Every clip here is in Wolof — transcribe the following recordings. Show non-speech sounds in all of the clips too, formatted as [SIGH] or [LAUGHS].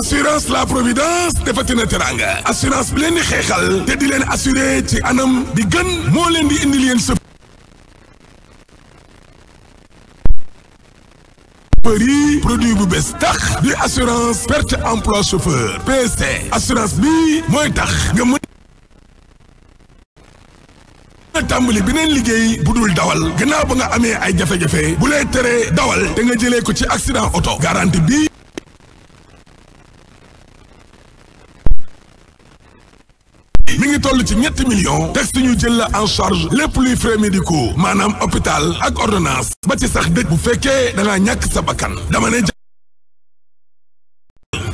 assurance la providence defati teranga assurance bi leen di xeexal te di leen assuré ci anam di gën moo leen di indil yéen sëp produit bu bees tax di assurance perte emploi chauffeur PC assurance bi mooy tax nga mën ngay tàmbali beneen liggéey bu dul dawal gannaaw ba nga amee ay jafe-jafe bu lay teree dawal te nga jëlee ko ci accident oto garanti bi mi ngi toll ci ñetti millions teg suñu jël la en charge lépp luy frais médicaux maanaam hôpital ak ordonnance ba ci sax dëj bu fekkee da ñàkk sa bakkan dama ne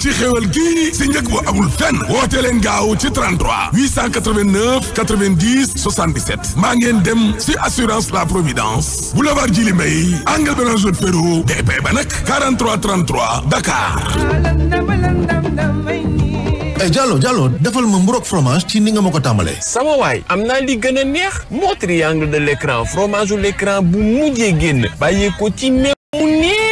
ci xéwal gi si njëg bu amul fenn woote leen gaaw ci 33 889 90 77 maa ngeen dem si assurance la providence boulevard Djily Mbaye angle Béranger Perrot DP ba nag 43 33 Dakar. e Diallo jalo defal ma mburook fromage ci ni nga ma ko tàmbalee. sama waay am naa li gën a neex moo triangle de l'écran fromage u l'écran bu mujjee génn bàyyee ko ci meew mu neex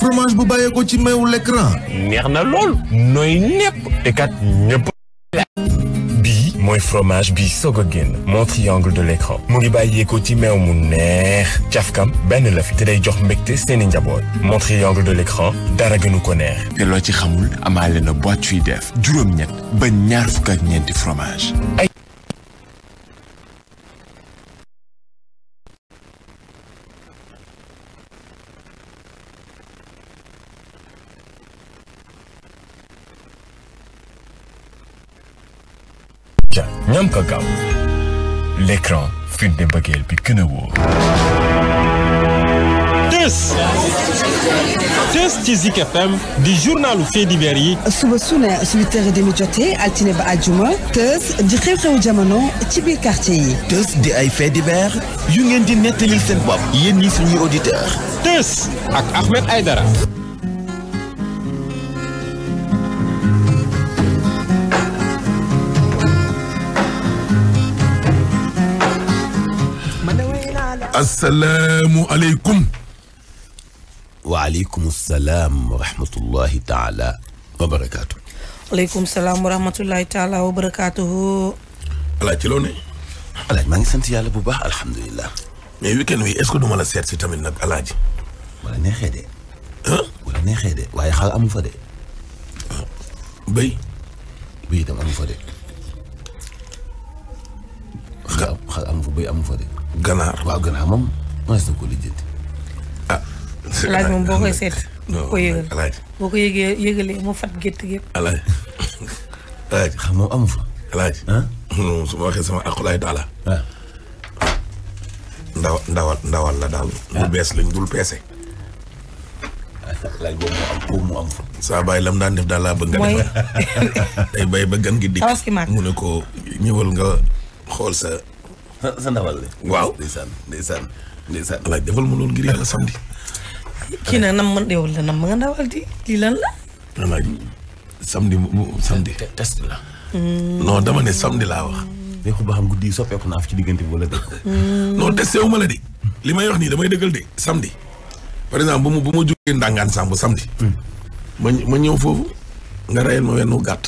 fromage bu bàyyeekoo ci meewu l'écran neex na lool nooy ñépp te kat ñépp bii mooy fromage bi soog a génn mon triangle de l'écran mu ngi bàyyeekoo ci meew mu neex cafkam benn la fi te day jox mbégte seeni njaboot mon triangle de l'écran dara gënu ko neex te loo ci xamul amaale na boîte yuy def juróom-ñett ba ñaar fukk ak ñeenti fromage Aïcha ñam ko gaaw l'écran firnde mbëggeel bi gën a wóor tës tës ci FM di journalu faits divers yi suba su ne subi tere demi jotee altine ba àjjuma tës di xew-xewu jamono ci biir quartier yi tës di ay faits divers yu ngeen di nettalil seen bopp yéen ñi suñuy auditeur tës ak Ahmed Aïdara assalaamu aleykum waaleykum salaam wa rahmatullahi taala wa barakaatu. waaleykum salaam wa rahmatullahi taala wa barakaatu. Alaaji ci loo ne. Alaaji maa ngi sant yàlla bu baax alhamdulilah. mais week-end wi est-ce que du ma la seet si tamit nag Alaaji. wala neexee de. wala neexee de waaye xaal amu fa de. béy. béy itam amu fa de. xaal amu fa béy amu fa de. ganaar waaw ganaar moom mënees na ko lijjanti. ah. laaj moom boo koy seet. boo ko yëgalee mu fat gétt gépp. alaaj alaaj xam moom amu fa. alaaj ah. non waxee sama akulaay daala. Ah. ndawal ndawal la daal. Ah. lu bees lañ dul peese. saa bàyyi lam daan def daal laa bëgg. mooy day [LAUGHS] ba gan gi dikk. mu ne ko ñëwal nga xool sa. sa ndawal li waaw ndeysaan ndeysaan ndeysaan alaaj defal ma loolu ngir yàlla samedi kii na nam man yow la nam ma nga ndawal di lii lan la alaaj samedi samedi test la hmm. non dama ne samedi laa wax mais hmm. xu ba xam guddi yi soppeeku naa fi ci diggante bi wala dëgg hmm. non testé ma la de li may wax nii damay dëggal de samedi par exemple bu ma bu ma jógee ndàngaan sàmb samedi ma ma ñëw foofu nga rayel ma wenn gàtt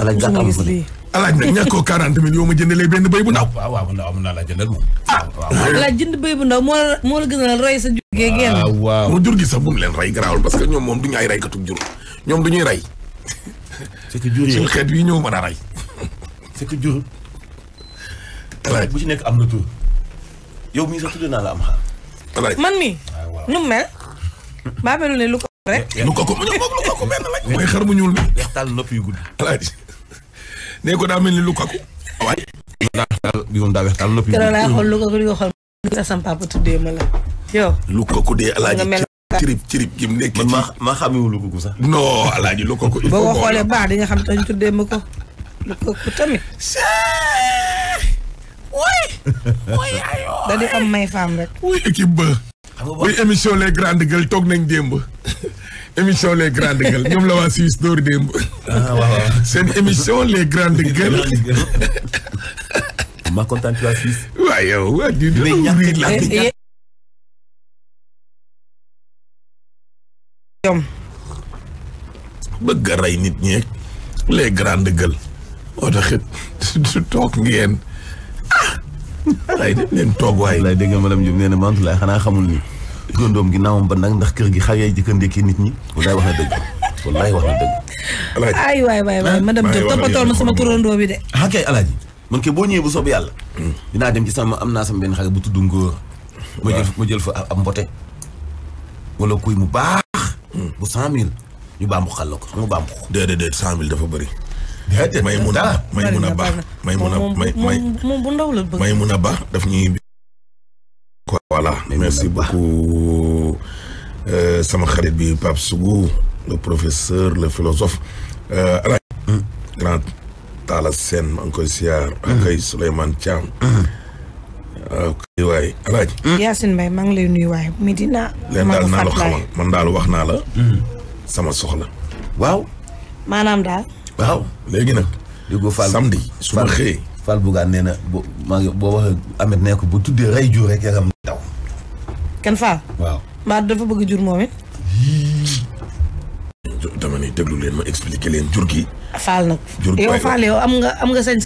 alaaj gàtt alaaj nag ñàkkoo quarante mille yow ma jëndalee benn béy bu ndaw. waaw waaw man am naa la jëndal moom. ah la jënd béy bu ndaw moo la moo la gënal rey sa jur gi génn. waaw mu jur gi sax bu mu leen rey garaawul parce que ñoom moom du ñu ay reykatu jur ñoom du ñuy rey. c'est que jur yi suñu xeet yi ñëw mën a rey. c'est que jur. alaaj bu ci nekk am na tur. yow mii sax tudd naa la am xaar. alaaj man mii. nu mu mel. baa melu ne lu ko rek. lu ko ko mu ñëw lu ko ko benn lañ. mooy xar mu ñuul mi. weextaal nopp yu gudd. alaaji nee ko daa mel ni Lukaku waaye. yow daa weex daal noppi. keroog laa xool Lukaku di nga xool sa sam papa tuddee ma la yow. Lukaku dee alaaji cirib cirib gi mu nekk. man maa maa xamewul Lukaku sax. non alaaji Lukaku. il faut boo ko xoolee baax di nga xam tañ tuddee ma ko Lukaku tamit. da di am may faam rek. oui équipe ba. xam nga émission les grandes gueules toog nañ démb. émission les grandes gueules ñoom la waa Suisse dóor démb. Ah, seen émission les grandes gueules. ma kontaan ci waa Suisse. waa yow waa di la. bëgg a rey nit ñi les grandes gueules. moo tax it su toog ngeen. ah. lay dem leen toog waaye. lay dégg madame Diouf nee na Mantoulaye xanaa xamul ni. turandoom gi naawam ba nag ndax kër gi xale yi jëkk a ndékki nit ñi walaay wax na dëgg walaay wax na dëgg. ay waay waay waay ah, madame Diop toppatool ma sama turandoo bi de. ah kay alaaji man kay boo ñëwee bu soob yàlla. Hmm. dinaa dem ci sama am naa sama benn xale bu tudd Ngor. ma jël ma jël fa ab mbote. wala kuy mu baax. Hmm. bu cent mille ñu bàmbu xal la ko xam nga bàmbu. déedéet déet cent mille dafa bëri. déedéet may a may mun a baax may mun a may may mun a baax daf quoi voilà merci beaucoup euh, sama xarit bi Pape Sougou la professeur le philosophe euh, alaaj mm. grand Talla Sène maa ngi koy siyaar mm. akay Souleymane Thiam waaw mm. ah, waay alaaj Yacine Mbaye maa ngi lay nuyu waay Medina leen daal naa la xamal man daal wax naa la sama soxla waaw maanaam daal waaw léegi nag samedi Fall Bougane nee na boo maa ngi boo waxee Ameth nee ko bu tuddee rey jur rek yaram daw. kan waaw maa dafa bëgg jur moom it. dama ni déglu leen ma expliquer leen jur gi. Fall nag yow Fall yow am nga am nga sañ.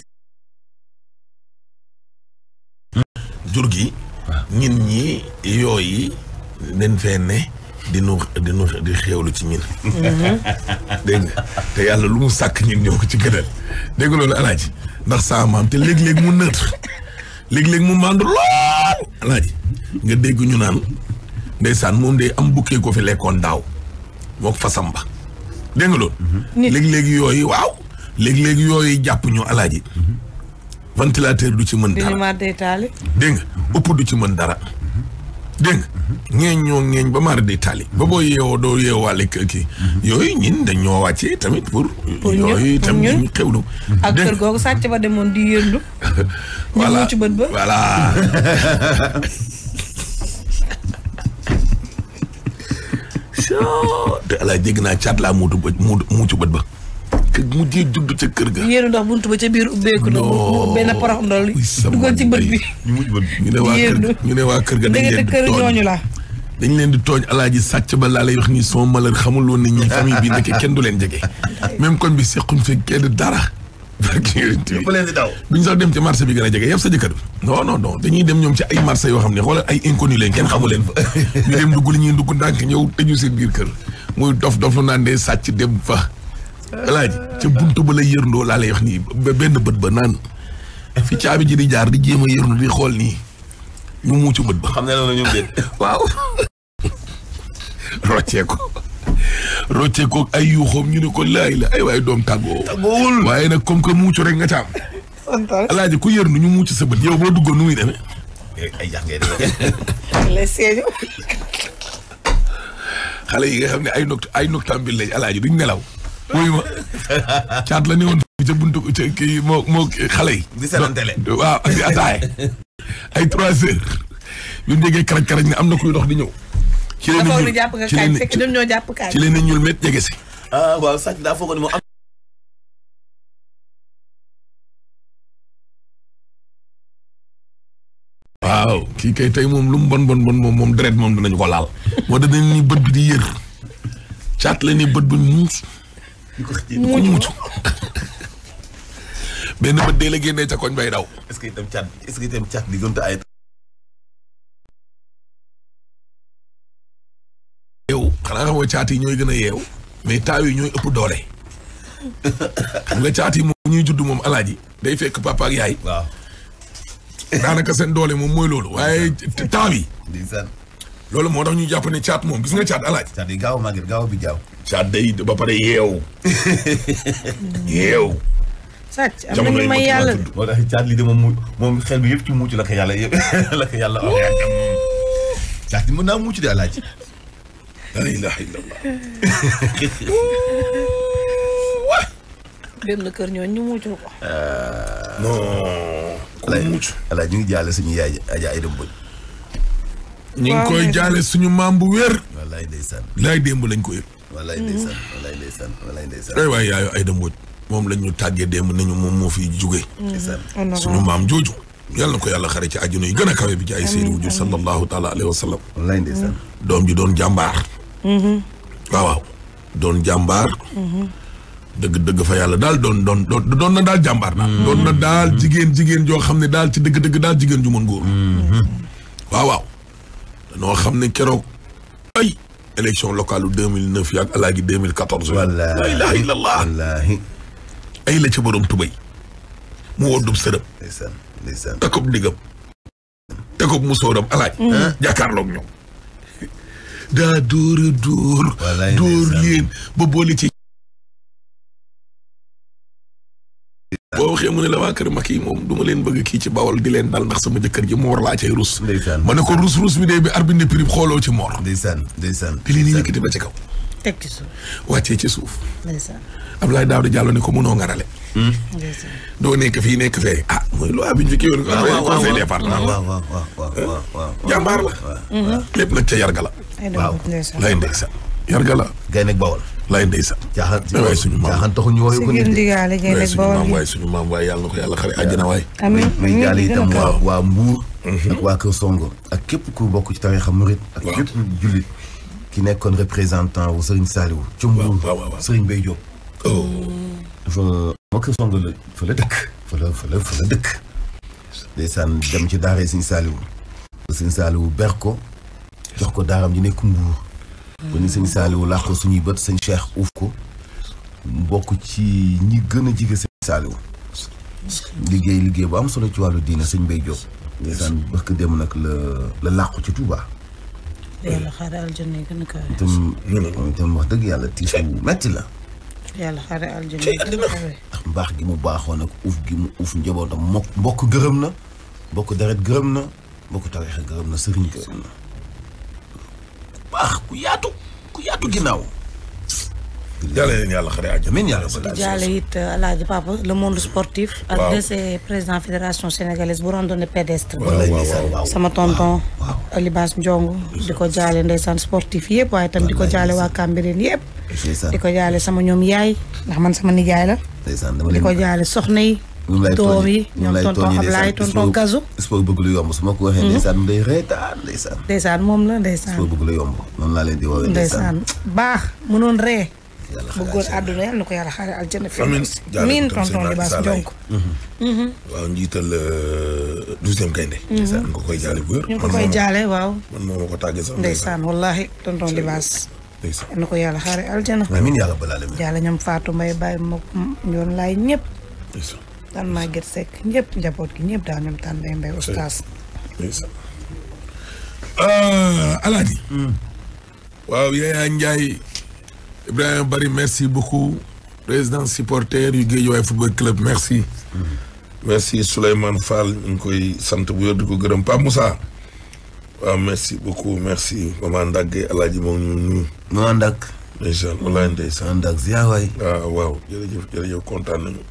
jur gi. waaw ñi yooyu dañ fee ne. di nu di nu di xéewlu ci ñun. Mm-hmm. dégg te yàlla lu mu sàkk ñun ñoo ko ci gënal dégg loolu ndax saa maam te léeg-léeg mu neutre léeg mu màndu lool alaaji nga dégg ñu naan ndeysaan moom day am bukkee ko fi lekkoon daaw moo ko fasam ba dégg mm-hmm. léeg yooyu waaw léeg-léeg yooyu jàpp ñu alaaji mm-hmm. ventilateur du ci mën dara dégg nga du ci mën dara. dégg nga. ñeeñ ñoo ñeeñ ba maar di tali. ba boo yeewoo doo yeewaale kër kii. Mhm. yooyu ñin dañ wàccee tamit pour. pour yooyu tam ñu xewlu. ak kër googu sàcc ba demoon di yëndu. [LAUGHS] voilà ci bët ba voilà. [LAUGHS] te naa caat laa muutu bët muutu bët ba. ka mujjee judd ca kër ga. yéen ndox buntu ba ca biir ubbeeku na. non benn porox ndol duggoon ci bët bi. ñu ne waa kër ga ñu ne waa kër ga dañ leen di tooñ ñooñu dañ leen di tooñ alaaji sàcc ba laa lay wax nii sama malheur xamul woon ne ñi famille bi nekk kenn du leen jege. même kon bi sequñ fe kenn dara. bu leen di daw dem ci marché bi gën a jege yëpp sa jëkkër non non non dañuy dem ñoom ci ay marché yoo xam ne xoolal ay inconnu leen kenn xamu leen fa [LAUGHS] ñu dem dugg li ñuy dugg ndànk ñëw tëju seen biir kër muy dof dof lu naan dee sàcc dem fa alaaji ca buntu ba la yërndoo laa lay wax nii ba benn bët ba naan fi caabi ji di jaar di jéem a yërndu di xool nii ñu muucu bët ba. xam ne loolu ñun de ay yuuxoom ñu ne ko laay la ay waaye doom tàggoo. tàggoowul waaye nag comme muucu rek nga caam. alaaji ku yërndu ñu muucu sa bët yow boo dugg nu muy demee. ay jax [LAUGHS] xale yi nga xam ne ay noct ay noctambule lañ alaaji duñ nelaw. wuy ma moo moo xale yi. di seetantele waaw di ataaye. ay trois am na kuy dox di ñëw. ci leen ñu jàpp nga kaay fekk ñoom ñoo jàpp kaay. ci leen ñuul met ah, kii kay tey moom lum mu bon bon moom moom deret moom dinañu ko laal. moo tax dañu ni bët bi di yër caat la ni bu muus. di ko xëccee mu mucc benn bët ca koñ bay daw. que itam cat est-ce que itam cat di xanaa xamoo caat yi ñooy gën a yeew mais taaw yi ñooy ëpp doole. xam nga caat yi moom ñuy judd moom alaaji day fekk papa yaay. waaw daanaka seen doole moom mooy loolu waaye taaw yi. loolu moo tax ñu jàpp ne caat moom gis nga caat alaaj caat yi gaaw màgget gaaw bi jaaw caat day ba pare yeew [LAUGHS] yeew sàcc de moo caat li de moom moom xel bi yëpp ci muucu la ko yàlla yëpp [LAUGHS] la ko yàlla am yaakam caat naa muucu de alaaj la ilaha illallah [LAUGHS] kër ñooñu ñu muucu ku muucu alaaj ñu ngi jàll suñu yaay aja ay dem ñu ngi koy jaale suñu maam bu wér. wallaay ndeysaan. laay démb lañ ko yëg. wallaay hmm. ndeysaan wallaay ndeysaan wallaay ndeysaan. ay waay yaayu Aïda Mbodj moom lañ ñu tàggee démb nañu moom moo fi jugee. Hmm. suñu maam jooju. yàlla na ko yàlla xare ci àjjana yi gën a kawe bi ci ay seeni wujur sallallahu taala alayhi wa hmm. doom ji doon jàmbaar. waaw waaw doon jàmbaar. dëgg dëgg fa yàlla daal doon doon doon na daal jàmbaar na doon na daal jigéen jigéen joo xam ne daal ci dëgg dëgg daal jigéen ju mën góor. waaw waaw. danoo xam ne keroog ay élection locale u 2009 yaag alaaji 2014 la ilaha illallah wallaahi ay la ca borom tubay mu woddub sërëb takob ndigam takob musóoram alaaj mm. jàkkaarloog ñoom daa dóora dóor dóor leen ba boole ci waxee mu ne la waa kër Macky moom du ma leen bëgg kii ci bawol di leen dal ndax sama jëkkër ji moor laa cay ruus ma ne ko ruus ruus bi dee bi arbi ne prib xooloo ci moor ndeysaan ndeysaan di leen yëkkati ba ci kaw teg ci suuf wàccee ci suuf Abdoulaye Daouda ne ko mënoo ngarale hmm? doo nekk fii nekk fee ah mooy loi bi ñu fi kii woon conseil département eh? waaw waaw waaw jàmbaar la mhm. lépp nag ca yarga la waaw lay ndeysaan yarga la lay ndeysaan. jaaxal waay suñu maam jaaxal taxuñu wax ko nit waay suñu maam maam waay yàlla na xare àjjana waay. amiin may jaale itam waa waa Mbuur. Mhm. ak waa Kër Songo. ak képp ku bokk ci tariixa murit ak képp jullit ki nekkoon représentant wu Serigne Saliou. ci Mbuur Serigne Baye Diop. Oh. dafa waa Kër Songo la dëkk. fa la fa la fa la dëkk. ndeysaan dem ci daara Serigne Saliou. Serigne Saliou ber ko jox ko daaram ji nekk Mbuur. ba ni sëñ Saliou laax ko suñuy bët sëñ Cheikh uuf ko bokk ci ñi gën a jige sëñ Saliou liggéey liggéey bu am solo ci wàllu diina sëñ Mbaye Diop ndeysaan bëkk dem nag la la làqu ci Touba yàlla xaare aljanna yi gën a kawe itam dëgg yàlla tiis bu metti la yàlla gi mu baaxoo ak uuf gi mu uuf njabootam mbokk gërëm na mbokk deret gërëm na mbokk tarixa gërëm na sëriñ gërëm na baax ku yaatu ku yaatu ginnaaw. jaale leen yàlla xare it euh, Alaaji Papa le monde sportif. président fédération sénégalaise bu randonnée pédestre. sama tonton. Libaas Njongu di ko jaale ndeysaan sportif yëpp waaye tam di ko jaale waa Cambérène di ko jaale sama ñoom yaay ndax man sama nijaay la. di ko jaale soxna doom yi ñoom tonton Ablaye tonton Gazo sport bëgg lu yomb su ma ko waxee ndeysaan mu day reetaan ndeysaan ndeysaan moom la ndeysaan sport bëgg lu yomb noonu laa leen di woowee ndeysaan baax mënoon ree bëggoon àdduna yàlla na ko yàlla xaare aljanna fi miin tonton di baas jonk waaw njiital euh, douzième gaynde ndeysaan mhm. nga jaale bu wér ñu ngi ko koy jaale waaw man moom tan Maguette Seck ñëpp njaboot gi ñëpp daal ñoom tan day mbay Bari merci beaucoup président supporter yu Guédiawaye football club merci. Hmm. merci Souleymane Fall ngi koy sant bu yor di ko gërëm Pape Moussa. waaw merci beaucoup merci maman Ndagge Alaaji moom ñu nuyu. maman Ndagge. incha allah waaw waaw jërëjëf jërëjëf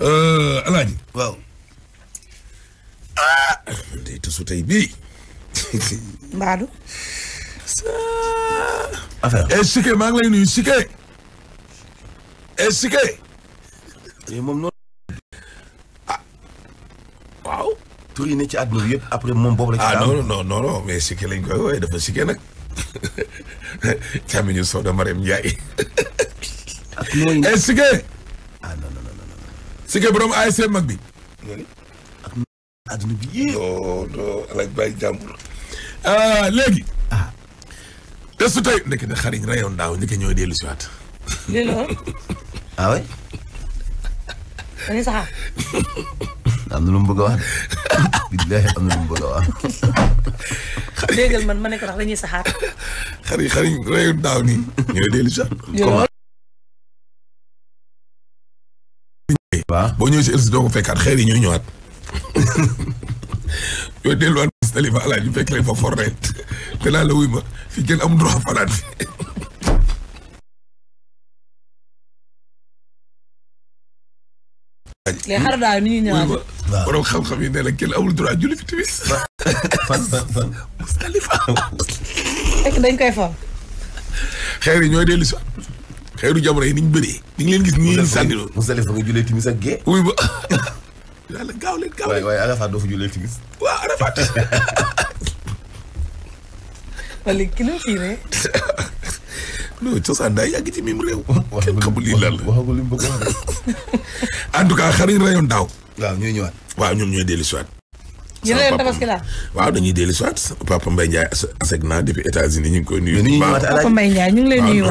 Euh, Alaaji. waaw. ah. day tasu tey bii. Mbadou. affaire. Eh, Sike maa ngi lay nuyu Sike. Eh, Sike. Eh, moom noonu. ah. waaw. tur ne ci àdduna yëpp après moom boobu la. ah non non non non mais Sike lañ koy woowee dafa Sike nag. [LAUGHS] càmmiñu Soda Marème Ndiaye. ak Sike. ah si ke borom ASC mag bi. ak àdduna bi yéen. non non alaaj bàyyi jàmbur. Ah, léegi. ah. te su tey ndekete xariñ rayon daaw ndeke ñooy dellu si waat. lii la. ah oui. dañuy am na lu mu bëgg a wax de. billahi am na lu mu a wax. xariñ man ma ne ko ndax dañuy xariñ xariñ rayon daaw nii. ñooy dellu si waat. waaw boo ñëwee si Elsi doo ko yi [LAUGHS] ñoo delluwaat bis fekk leen fa [LAUGHS] la wuy ma fi kenn am droit fanaat fi yi ne la kenn amul droit julli fi Mustalifa. [LAUGHS] fekk dañ koy for. xeer yi ñooy dellu si. xeeru jamono yi ni ñu bëree. ni ngi leen gis nii ñu sànni loolu. Moussalif nga jullee timis ak gée. wuy ba [LAUGHS] yàlla gaaw leen gaaw leen. waaye waaye Arafat doo fa jullee timis. waaw Arafat. [LAUGHS] wala kilo fii rek. [LAUGHS] loolu cosaan daa yàgg ci mim réew. kenn mu bëgg wax en tout cas xar yi rayoon daaw. waaw ñooy ñëwaat. waaw ñoom ñooy dellu si waat. yéen tabaski la waaw dañuy dellu si waat papa Mbaye Ndiaye aseg depuis États-Unis ñu ngi koy nuyu. Papa Mbaye Ndiaye ñu ngi lay nuyu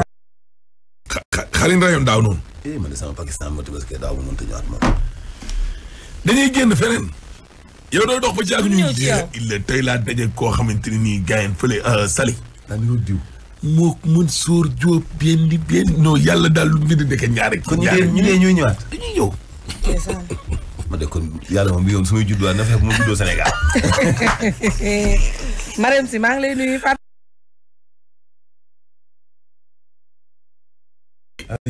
xarin rayon daaw noonu. eh man de sama a ñëwaat moom. dañuy génn feneen. yow doo dox ba ci ak ñu il tey laa daje koo xamante ni nii gars yi fële Sali. daan nañoo diw. moo mën sóor Diop benn benn. non yàlla daal lu mu bind nekk ñaar ak. ñaar ñu dee ñuy ñëwaat. dañuy ñëw. ma de kon yàlla moom bi yoon su may juddoo na fexe moom ma juddoo Sénégal. [LAUGHS] Marème si maa ngi lay nuyu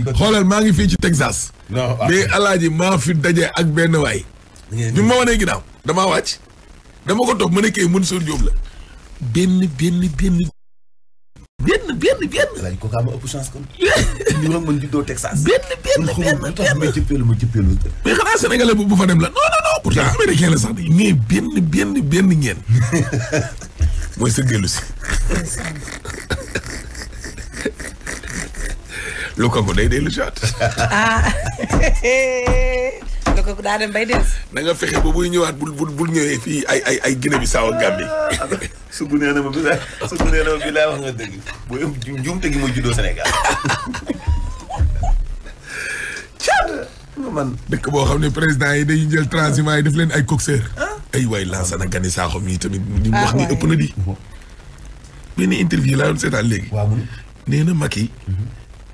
xoolal maa ngi fii ci Texas. non ah. mais alaaji maa fi daje ak benn waay. ñu ma wanee ginnaaw damaa wàcc. dama ko toog ma ne kii Mansour Diop la. benn benn benn. benn benn benn. El Hadj Koka ma ëpp chance kon. ñu ne man juddoo Texas. benn benn benn benn tax ma jëppeelu ma jëppeelu. mais xanaa sénégalais bu fa dem la non non non pourtant américain la sax de mais benn benn benn ngeen. [LAUGHS] mooy sëggeelu si. Lukaku day dellu si waat. ah Lukaku [LAUGHS] bay des. na nga fexe ba buy ñëwaat bul bul bul ñëwee fii ay ay ay Guinée Bissau ak Gambie. [LAUGHS] nee na ma bi laa sugu laa wax nga dëgg booy um, njuumte gi mooy juddoo Sénégal. [LAUGHS] man dëkk boo xam ne président yi dañuy jël transhumants yi def leen ay coxeur. Ah. ay waay Lansana Gagny Sakho mii tamit. Ah, li wax ni ëpp na di. benn interview laa doon seetaan léegi. nee na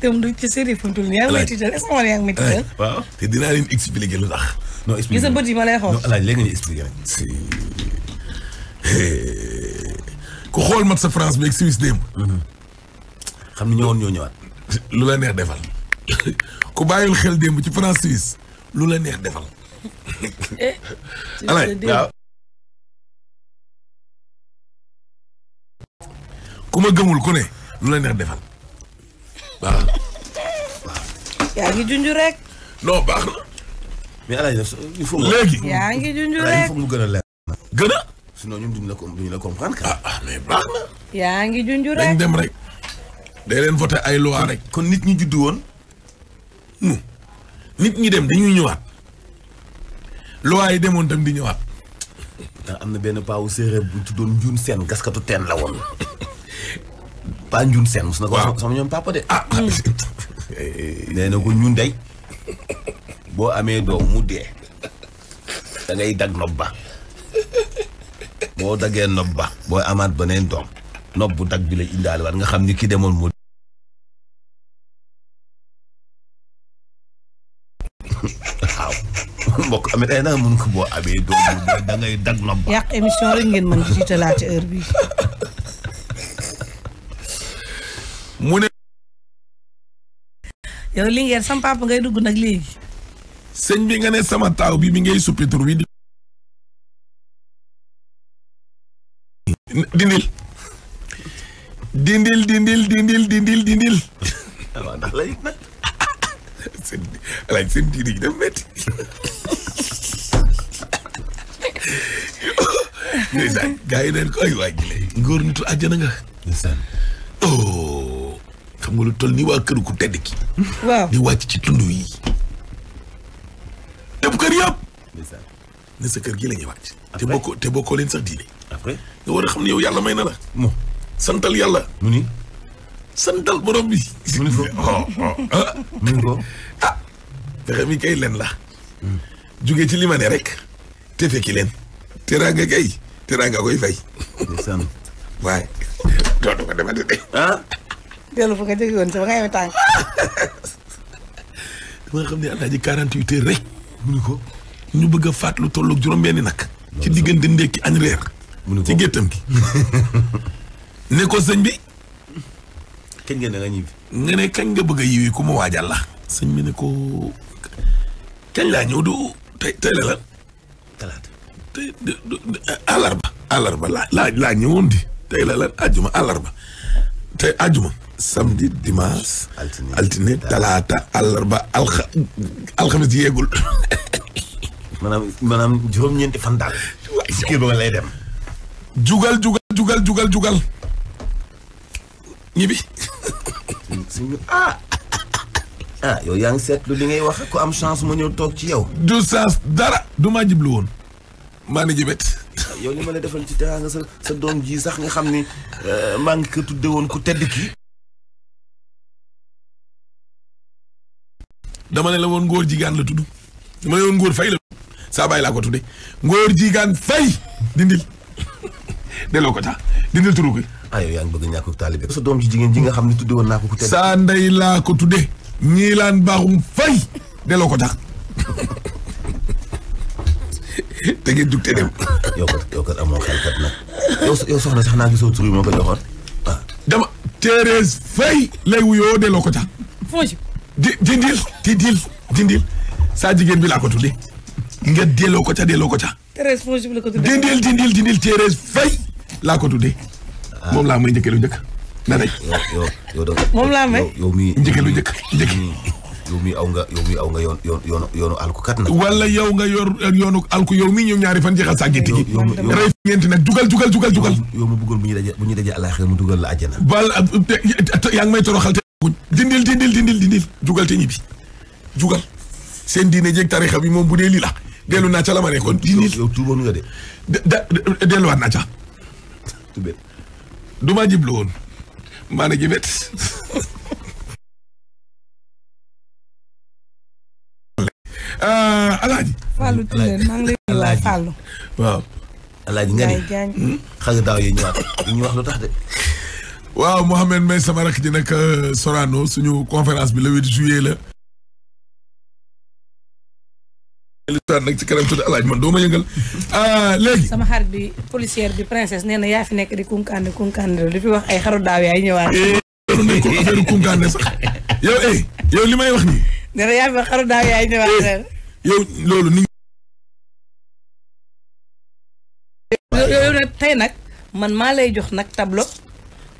te mu ci sëriñ fu mu toll nii est ce que man yaa ngi may eh, waaw te dinaa leen expliquer lu tax. non expliquer gis nga bët yi ma xool non El Hadj léegi nga ñu eh, xool mat sa France beeg Suisse démb. Mhm. xam ni ñëwoon ñoo ñëwaat. lu la neex defal ku bàyyil xel démb ci France Suisse lu la neex defal. Eh, [LAUGHS] ku ma gëmul ku ne lu la neex defal. waaw. yaa ngi junj rek. non baax na. mais El Hadj léegi yaa ngi junj rek il faut mu gën a leer. gën a. sinon ñun duñu la duñu la ah, ah, mais baax na. yaa ngi junj rek dañ dem rek. day leen voté ay loi rek. kon nit ñi juddu woon. nit ñi dem dañuy ñëwaat. loi yi demoon tam di ñëwaat. ndax am na benn paawu séeréer bu ñu tuddoon njuun seen gaskatu teen la woon. [LAUGHS] Pa Ndioune Sène mos na ko. waaw sama ñoom papa de. ah, ah. [LAUGHS] nee na ko ñun dey boo amee doom mu dee da ngay dag nob ba boo daggee nob ba boo amaat beneen doom nob bu dag bi la indaale nga xam ni ki demoon mu. [LAUGHS] waaw mbokk am na ay boo amee doom mu dee dag nob ba. yàq émission rek [LAUGHS] mu ne. yow Linguère sama ngay dugg nag léegi. sëñ bi nga ne sama taaw bi mi ngay suppi tur wi di. dindil dindil dindil dindil dindil dindil. waaw ndax lay [LAUGHS] yi neen ko ay waay gi lay. ngóor nitu nga. xam nga lu toll ni waa kër ku tedd ki. waaw di wàcc ci tund yi. lépp kër yëpp. ne sa kër gii la ñuy wàcc. te bokkoo te bokkoo leen sax diine. nga war xam ne yow yàlla may na la. mo santal yàlla. mu ni. santal borom bi. mu ni ah [LAUGHS] [LAUGHS] mu ni ah. kay leen la. Hmm. jóge ci li ma ne rek. te fekki leen. teraanga kay. teraanga koy fay. [LAUGHS] waaye. doo ko demati de. ah. dellu fa nga jóge woon sa ba nga amee tànk. [LAUGHS] dama nga xam ne alaaji 48 heures rek. ko ñu bëgg a faat lu tolloog juróom-benni nag. ci diggante ndekki añ reer. ci géttam gi. [LAUGHS] ne ko sëñ bi. kañ nga ne kañ nga bëgg a yiwi ku ma waajal sëñ bi ne ko kañ laa ñëw du tey tey la la. talaata tey àllarba. àllarba laa laa ñëwoon di tey la la àjjuma àllarba. te ajuma samedi dimanche altine talaata àllarba alxa alxamis yeegul maanaam fan daal lay dem jugal jugal jugal jugal jugal ñibi suñu ah ah yow yaa ngi seetlu li ngay wax ku am chance mu ñëw toog ci yow du chance dara du maa jiblu woon maa ni yow li ma la defal ci teraanga sa sa doom ji sax nga xam ni euh, maa tudde woon ku tedd ki dama ne la woon ngóor jigaan la tudd dama ne woon fay la saa bàyyi laa ko tudde ngóor jigaan fay dindil [LAUGHS] delloo ko ca dindil turu ko ah yow yaa ngi bëgg ñàkk taalibe sa doom ji jigéen ji nga xam ne tudde woon naa ko ku tedd saa ndey laa ko tudde ñii laan baaxum fay delloo ko tax te ngeen jug te dem. Ah, yow kat yow kat nag yow soxna sax naa gisoo tur bi moo ko joxoon ah. dama Thérèse Faye lay wuyoo delloo ko ca. foofu. di dindil dindil dindil saa jigéen bi laa ko tudde nga delloo ko ca delloo ko ca. Thérèse Faye la ko tudde dindil dindil dindil Thérèse Faye laa ko tudde ah. moom laa may njëkkee lu njëkk. na rek moom laa may lu njëkk njëkk. yow mi aw nga yow mi aw nga yoon yoonu yoonu alku kat nag wala yow nga yor eh, yoonu alku yow mi ñoom ñaari fan jeexal sàggeti gi rey ñeenti nag jugal jugal jugal jugal yow mu bëggoon bu ñuy daje bu ñuy daje àllaaxira mu dugal la àjjana bal eh, yaa ngi may toroxal te dindil dindil dindil dindil jugal te ñibbi jugal seen diine jéeg tarixa bi moom bu dee lii la dellu naa ca la ma nekkoon dindil yow tuuboon nga de delluwaat naa ca du ma jiblu woon maa ne Euh, Alaaji. Fallou Touré maa ngi lay wax Fallou. waaw. Alaaji nga ni xaga daaw yi ñu wax ñu wax lu tax de. waaw Mouhamed Mbaye euh, suñu conférence bi le huit juillet la. litaan ci kanam euh, sama xarit bi policière bi princesse nee na yaa fi nekk di kunkaande kunkaande li fi wax ay xaru daaw yaay ñëwaat. doon eh, nañ ko affaire kunkaande sax yow eh yow li may wax nii ne la yaa ma xaru daaw loolu ni. yow nag tey nag man maa lay jox nag tableau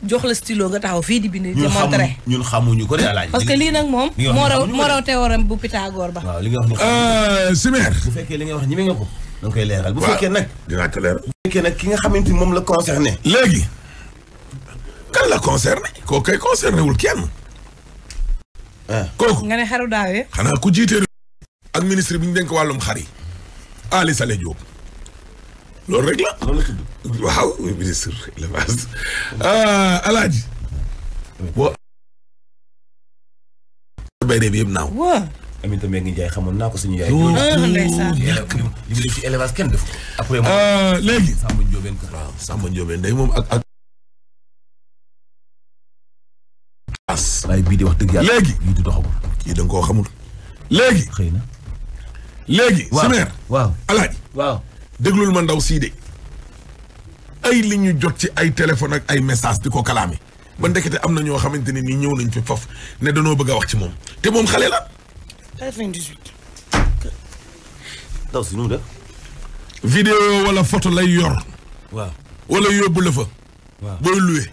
jox la stylo nga taxaw fii di bind. di montré ñun xamuñu ko de alaaj parce que lii nag moom. moo raw moo raw théorème bu Pythagore ba. waaw li nga wax ni. Euh, Simer. bu fekkee li nga wax ñi nga ko. da nga koy leeral bu fekkee nag. dinaa ko leeral. bu fekkee nag ki nga xamante ni moom la concerné. léegi. kan la concerné. koo koy concerné kenn. Eh. kooku nga ne xaru daawee. xana ku jiite ak ministre bi ñu dénk wàllum xar yi Ali Sale Diop loolu rek la. waaw ministre élevage ah, alaaji boo. béykat bi yëpp naaw. amit tamit ngi jaay xamoon naa ko suñu yaay. Ah, li mu def kenn def ko. après moom. Ah, léegi Samba Ndiobène. waaw Samba Ndiobène day moom bii di wax dëgg yàlla. léegi bii di doxagul. kii da koo xamul. léegi xëy léegi. waaw Sumer déglul ma ndaw sii de. ay li ñu jot ci ay téléphone ak ay message di ko kalaame. ba ndekete am na ñoo xamante ne nii ñëw nañ fi faf ne danoo bëgg wax ci moom te moom xale la. iPhone wala photo lay yor. waaw wala yóbbu la fa. booy loué.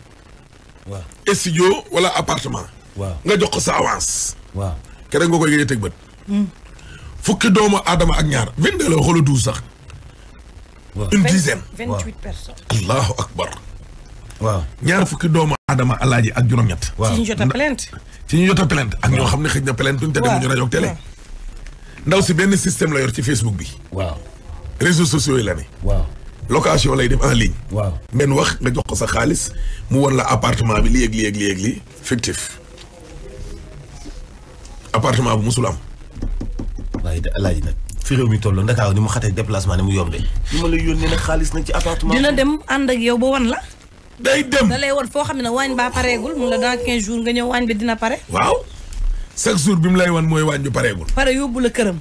waaw wala appartement. waaw nga jox ko sa avance. waaal keroog nga koy yëgee teg bët. Hmm. fukki doomu aadama ak ñaar vingt deux la xoola sax. une dizaine. vingt huit personnes. allahu akbar. ñaar fukki doomu aadama alaaji ak juróom-ñett. waaw ci ñu jot a plainte. ci ñu jot a ak ñoo xam ne xëy na plainte duñ te demuñu rajo ak télé. ndaw si benn système la yor ci Facebook bi. waaw réseaux sociaux yi la ne. waaw location lay def en ligne. ngeen wax nga jox ko sa xaalis mu won la appartement bi lii ak lii fictif. appartement bu musul am. waaye de alaaji nag fi réew mi toll Ndakaaru ni mu xatee déplacement ni mu yombee. ni ma lay yónnee nag xaalis nag ci appartement. dina dem ànd ak yow ba wan la. day dem da lay wan foo xam ne waañ baa pareegul mu la dans 15 jours nga ñëw waañ bi dina pare. waaw chaque jour bi mu lay wan mooy waañ bi pareegul. pare yóbbu la këram.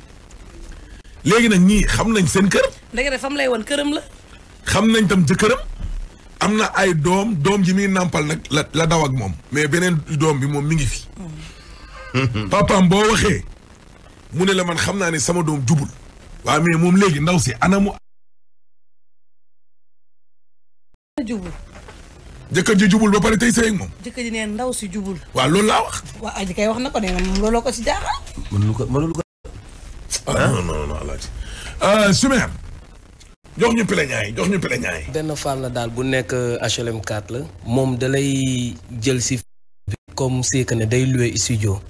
léegi nag ñii xam nañ seen kër. ndekete fa mu lay wan këram la. xam nañ tam ci këram. am na ay doom doom ji muy nàmpal nag la la daw ak moom mais beneen doom bi mi ngi fi. Mm. papaam boo waxee mu ne la man xam naa ne sama doom jubul waaw mais moom léegi ndaw si anamu jubul jëkkër ji jubul ba pare ndaw si jubul waaw loolu laa wax waaw aji kay wax na ko nee na moom ko si ko mënul ah, non non non alaaji euh, Sumer jox ñu plaignant yi jox ñu plaignant benn femme la daal bu nekk HLM euh, 4 la moom dalay jël si comme c'est que ne day loué studio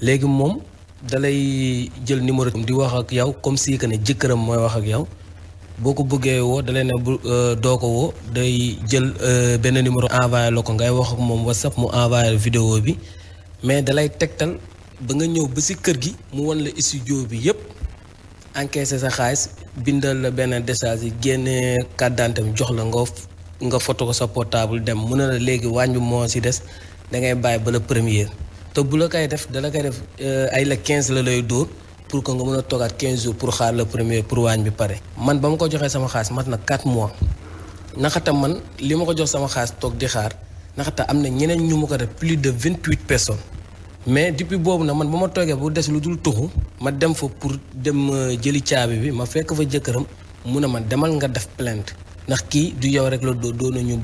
léegi moom dalay jël numéro di wax ak yow comme si que ne jëkkëram mooy wax ak yow boo ko bëggee woo dalay ne bu euh, doo ko woo day jël euh, benn numéro envoyé la ko ngay wax ak moom whatsapp mu envoyé video bi mais dalay tegtal ba nga ñëw ba si kër gi mu won la studio bi yépp encaissé sa xaalis bindal la benn décharge yi génne carte d'identité jox la nga nga foto ko sa portable dem mu ne la léegi wàññi moo si des dangay ngay bàyyi ba première te bu la koy def dala koy def euh, ay la 15 la lay dóor pour que nga mën a toogaat 15 jours pour xaar le premier pour waañ bi pare. man ba ma ko joxee sama xaas mat na 4 mois naxata man li ma ko jox sama xaas toog di xaar naxata am na ñeneen ñu ma ko def plus de vingt 28 personnes. mais depuis boobu nag man ba ma toogee bu des lu dul tuxu ma dem fa pour dem euh, jëli caabi bi ma fekk fa jëkkëram mun a ma demal nga def plainte ndax kii du yow rek la doo na ñu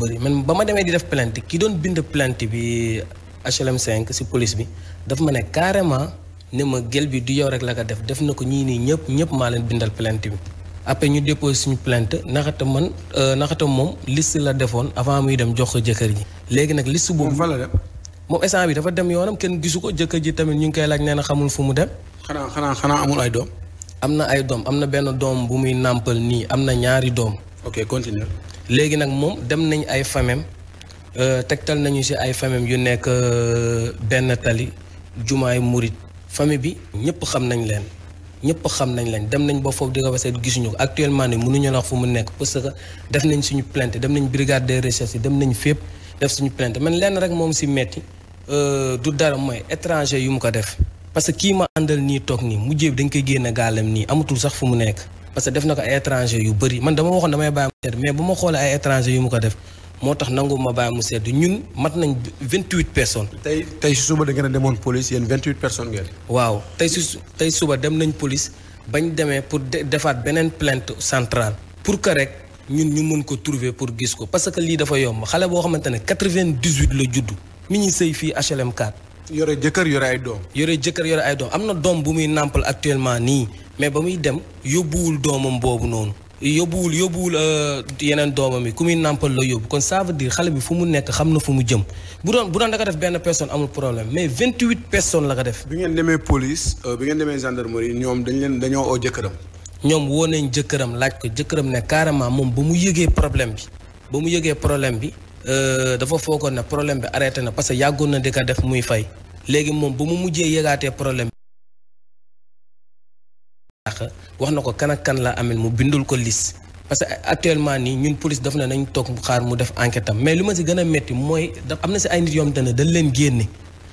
ba ma demee di def plainte ki doon bind plainte bi HLM cinq si police bi daf ma ne carrément ne ma gël bi du yow rek la ko def def na ko ñii nii ñëpp ñëpp maa leen bindal plainte bi. après ñu déposé suñu plainte naxata man euh, naxata moom liste la defoon avant muy dem jox ko jëkkër ji. léegi nag liste boobu moom instant bi dafa dem yoonam kenn gisu ko jëkkër ji tamit ñu ngi koy laaj nee na xamul fu mu dem. xanaa xanaa xanaa amul ay doom. am na ay doom am na benn doom bu muy nàmpal nii am na ñaari doom. ok continue léegi nag moom dem nañ ay famem Euh, tegtal nañu si ay famille yu nekk euh, benn tali jumaay murit famille bi ñëpp xam nañ leen ñëpp xam nañ leen dem nañ ba foofu di ko waseet gisuñu ko actuellement ni mënuñu la wax fu mu nekk parce que def nañ suñu plainte dem nañ brigade des recherches dem nañ fépp def suñu plainte man lenn rek moom ci metti euh, du dara mooy étranger yu mu ko def parce que kii ma àndal nii toog nii mujjee bi dañ koy génne gaalam nii amatul sax fu mu nekk parce que def na ko ay étranger yu bëri man dama waxoon damay bàyyi mais bu ma xoolee ay étranger yu mu ko def moo tax nangu ma bàyyi mu sedd ñun mat nañ vingt huit personnes. tey tey si suba da demoon police yéen vingt huit personnes waaw tey si tey suba dem nañ police bañ demee pour defaat beneen plainte centrale pour que rek ñun ñu mën ko trouver pour gis ko parce que lii dafa yomb xale boo xamante ne quatre vingt dix huit la juddu mi ñu sëy fii HLM 4. yore jëkkër yore ay doom. yore jëkkër yore ay doom am na doom bu muy nàmpal actuellement nii mais ba muy dem yóbbuwul doomam boobu noonu. yóbbuwul yóbbuwul euh, yeneen doomam yi ku muy nàmpal la yóbbu kon ça xale bi fu mu nekk xam na fu mu jëm bu doon bu doon da ko def benn personne amul problème mais vingt huit personnes la ko def. bi ngeen demee police euh, bi ngeen demee gendarmerie ñoom dañ leen dañoo oo jëkkëram. ñoom woo nañ jëkkëram laaj ko jëkkëram ne carrément moom ba mu yëgee problème bi ba mu yëgee problème bi euh, dafa foogoon ne problème bi arrêté na parce que yàggoon na di ko def muy mu wax na ko kan ak kan laa amel mu bindul ko lis parce que actuellement nii ñun police daf na nañ toog xaar mu def enquête am mais li ma si gën a métti mooy am na si ay nit yoo xamante ne dañ leen génne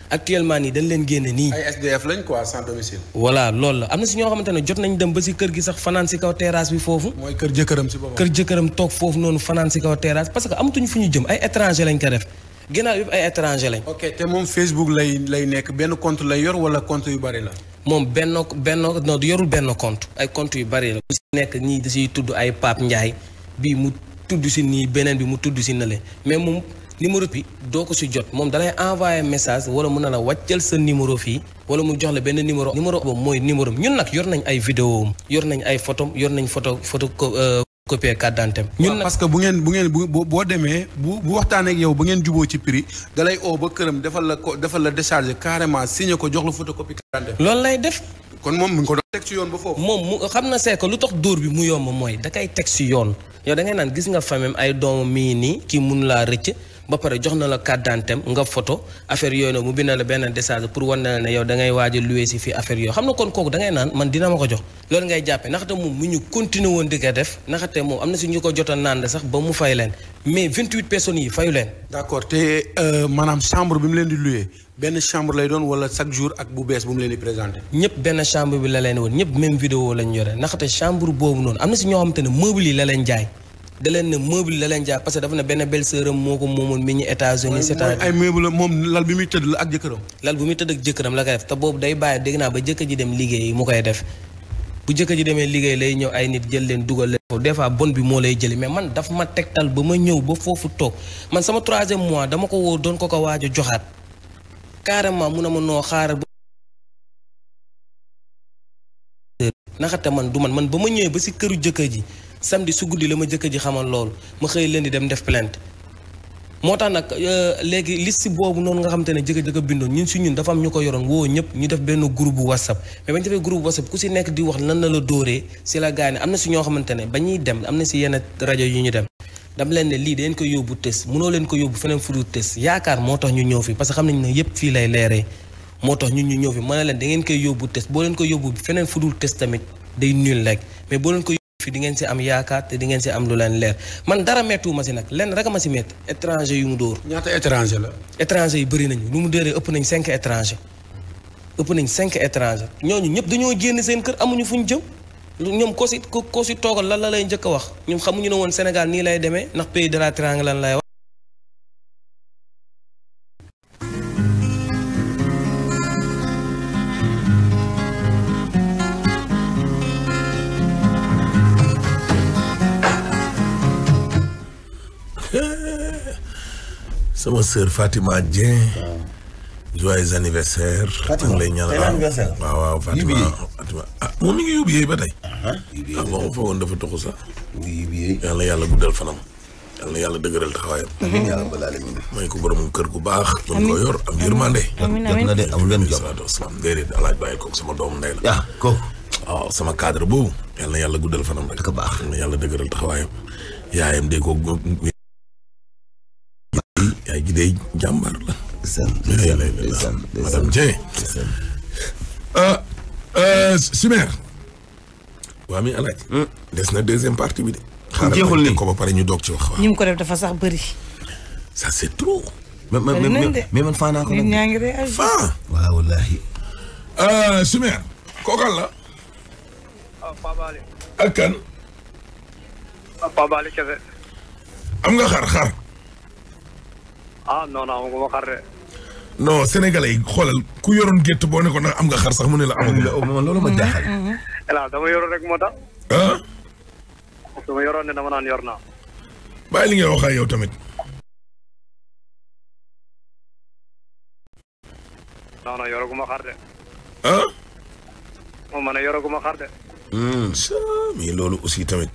actuellement nii dañ leen génne nii. ay SDF lañ quoi sans domicile. voilà loolu la am na si ñoo xamante ne jot nañ dem ba si kër gi sax fanaan si kaw terrasse bi foofu. mooy kër jëkkëram si boppam. kër jëkkëram toog foofu noonu fanaan si kaw terrasse parce que amatuñ fu ñu jëm ay étranger lañ ko def. ginnaaw yëpp ay étranger lañ. ok te moom Facebook lay lay nekk benn compte lay yor wala compte yu bari la. moom benn benn non yorul benn compte ay compte yu bari la bu si nekk nii da siy tudd ay Pape Ndiaye bii mu tudd si nii beneen bi mu tudd si nële mais moom numéro bi doo ko si jot moom danay envoyé message wala mun na la wàccal sa numéro fii wala mu jox la benn numéro numéro boobu mooy numéro ñun nag yor nañ ay vidéo yor nañ ay photo yor nañ photo photo euh, copier carte d'identité ñun parce que bu ngeen bu ngeen boo demee bu bu waxtaanee ak yow ba ngeen juboo ci prix da oo ba këram defal la ko defal la décharge carrément signé ko jox la photocopie carte d'identité lay def kon moom mu ngi ko doon teg ci yoon ba foofu moom mu xam na c'est que lu tax dóor bi mu yomb mooy da kay teg ci yoon yow da naan gis nga famem ay doomam mii nii kii mun laa rëcc ba pare jox na la carte d'identité nga photo affaire yooyu noonu mu na la benn message pour wan na la ne yow da ngay waaj a loué si fi affaire yooyu xam na kon kooku da ngay naan man dina ma ko jox loolu ngay jàppee naxate moom mu ñu continué woon di ko def naxate moom am na si ñu ko jotoon naan sax ba mu fay leen mais 28 personnes yi fayu leen. d'accord te euh, maanaam chambre bi mu leen di loué benn chambre lay doon wala chaque jour ak bu bees bu mu leen di présenté. ñëpp benn chambre bi la leen woon ñëpp même vidéo lañ yore naxate boobu noonu am na si ñoo xamante ne meuble yi la leen jaay. da leen ne meuble la leen jàpp parce que dafa na benn belle-sœur am moo ko moomoon mi ñu états moom lal bi muy tëdd la ak jëkkëram lal bi muy tëdd ak jëkkëram la ko def te boobu day bàyyi dégg naa ba jëkkër ji dem liggéey mu koy def bu jëkkër ji demee liggéey lay ñëw ay nit jël leen dugal leen foofu des bon bi moo lay jëli mais man daf ma teg tal ba ma ñëw ba foofu toog man sama troisième mois dama ko woo doon ko ko waaj a joxaat carrément mun a ma noo xaaral naxate man du man man ba ma ñëwee ba si këru jëkkër ji samedi su guddi la ma jëkkër ji xamal loolu ma xëy leen di dem def plainte moo tax nag euh, léegi list boobu noonu nga xam te ne jëkkër jëkkër bindoon ñun si ñun dafa am ñu ko yoroon woo ñëpp ñu def benn groupe bu whatsapp mais bañ defee groupe whatsapp ku si nekk di wax nan la la dóoree si la gars am na si ñoo xamante ne ba ñuy dem am na si yenn rajo yu ñu dem dam leen ne lii dañ ko yóbbu test mënoo leen ko yóbbu feneen fu dul test yaakaar moo tax ñu ñëw fi parce que xam nañ ne yëpp fii lay leeree moo tax ñun ñu ñëw fi mën na leen da ngeen koy yóbbu test boo leen ko yóbbu feneen fu dul test tamit day nul rek fi di ngeen si am yaakaar te di ngeen si am lu leen leer man dara mettuwuma si nag lenn rek ma si métti étranger yu mu dóor. ñaata étranger la. étranger yi bëri nañu lu mu dóoree ëpp nañ cinq étranger ëpp nañ cinq étranger ñooñu ñëpp dañoo génn seen kër amuñu fu ñu jëm ñoom ko si ko si toogal lan la lay njëkk a wax ñoom xamuñu ne woon Sénégal nii lay demee ndax pays de la lay sama sœur Fatima Dieng. waaw ah. joyeux anniversaire. Fatima lay ñaanal waaw waaw Fatima Fatima ah moom mi ngi ba tey. Uh-huh. ah bon foogoon dafa toxu sax. yóbbiyee yal na yàlla guddal fanam. yal na yàlla dëgëral taxawaayam. amiin yaa may ko borom kër gu baax. amiin mën am yërmande. amiin amiin jot na de amul benn jox salaatu wasalaam déedéet alaaj bàyyi kooku sama doomu ndey la. ah kooku. waaw sama cadre boobu. yal guddal fanam rek. ak baax yal na yàlla dëgëral taxawaayam gi day jàmbaar la. ndeysaan madame Dieng. Euh, euh, Sumer. waa mi hmm. des na deuxième partie bi de. jeexul ni ko ba pare ñu doog ci wax. mu ko def dafa sax bëri. ça c'est trop. mais man faa naa ko. ñaa ngi réagir faa. waaw wallaahi. Euh, Sumer. kookal la. Ah, ak kan. Ah, am nga xar ah non non amaguma xar de. non sénégalais yi ku yoroon gétt boo ne ko am nga xar sax mu ne la amaguñ la mm-hmm. loolu ma mm-hmm. jaaxal. Mm-hmm. dama yoroon rek moo tax. dama yoroon ne naan yor naa. bàyyi li yow tamit. non non yoraguma xar de. ah. moom man yoraguma xar de. Hmm, mais loolu aussi tamit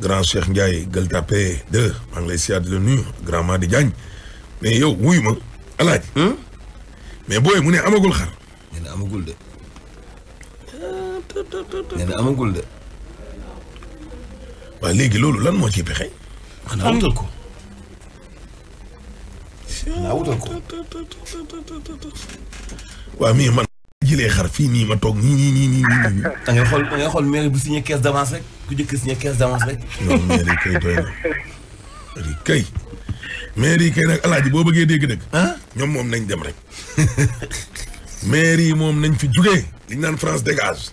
grand Cheikh Ndiaye Gueule Tapée 2 maa ngi lay siyaat di la nuyu grand mais yow wuyu ma hmm? mais booy mu ne amagul xar. nee na amagul de. Ah, nee na amagul de. waaw léegi loolu lan moo ci pexe. xanaa wutal ko. xanaa wutal ko. waaw mii man. jëlee xar fii nii ma toog nii nii nii nii nii nii. da ngay xool da ngay xool mairie bu signé caisse d'avance rek ku njëkk signé caisse d'avance rek. yow mairie kay doy na. mairie kay. maire yi kay na alaaji boo bëggee dégg dëgg ñoom moom nañ dem rek [LAUGHS] maire yi moom nañ fi juge liñ naan France dégage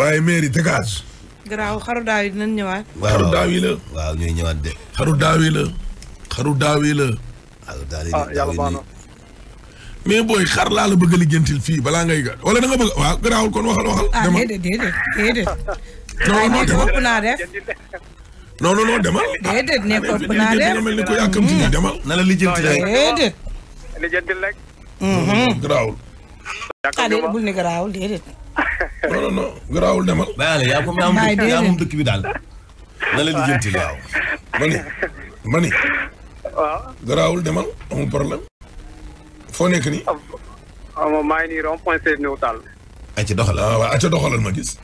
waaye maire yi dégage garaaw xaru daaw yi dinañ ñëwaat xaru daaw yi la waaw ñooy ñëwaat de xaru daaw yi la xaru daaw yi la ah, ah, mais booy xar laa la bëgg a lijjantil fii balaa ngay ga wala da nga bëgg waaw garaawul kon waxal waxal ah déedéet déedéet déedéet non non def non non non demal. déedéet ah, nekkoon naa dem mel la lijjanti rek déedéet. lijjanti rek. Mm-hmm. Mm-hmm. garaawul. yàkkamti ah, bul ni garaawul déedéet. non non non demal. yaa ko dëkk bi daal. na la lijjanti [LAUGHS] waaw. mani mani. waaw. garaawul demal amul problème. foo nekk nii. maa ngi nii rond point Seydou Nour Tall. ayca ah, doxalal ma gis.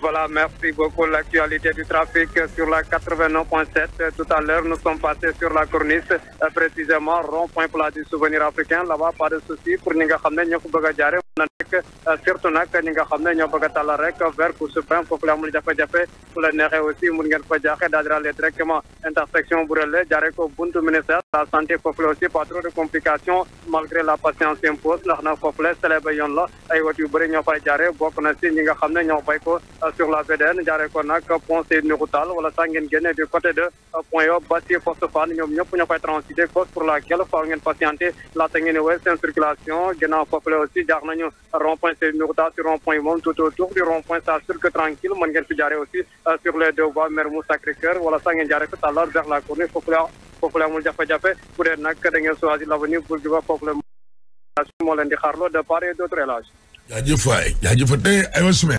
Voilà, merci beaucoup. L'actualité du trafic sur la 89.7. Tout à l'heure, nous sommes passés sur la corniche, précisément rond-point plat du souvenir africain. là pas de souci pour ñi nga xam ne ñoo ko bëgg a jaare mën nekk euh, surtout nag ñi nga xam ne ñoo bëgg a tàll rek vers Course Pin foofu la amul jafe-jafe bu la neexee aussi mun ngeen fa jaaxe daal di intersection Bourélé jaare ko buntu ministère la santé yoon la yu bëri ñoo fay na ñi nga xam ne ñoo ko Euh, sur la VDN jaaree nag pont Seydou Nourou wala saa ngeen génne du côté de euh, point yo Bassier Poste Fann ñoom ñëpp ñoo fay pour laquelle faaw ngeen patienté laata ngeen wër seen circulation ginnaaw foofule aussi jaar nañu point Seydou Nourou Tall si point yi tout autour du rond point ça tranquille mën ngeen fi aussi euh, sur les deux voies Sacré-Cœur wala saa ngeen jaaree ko vers la Corniche foofu la foofu la amul jafe de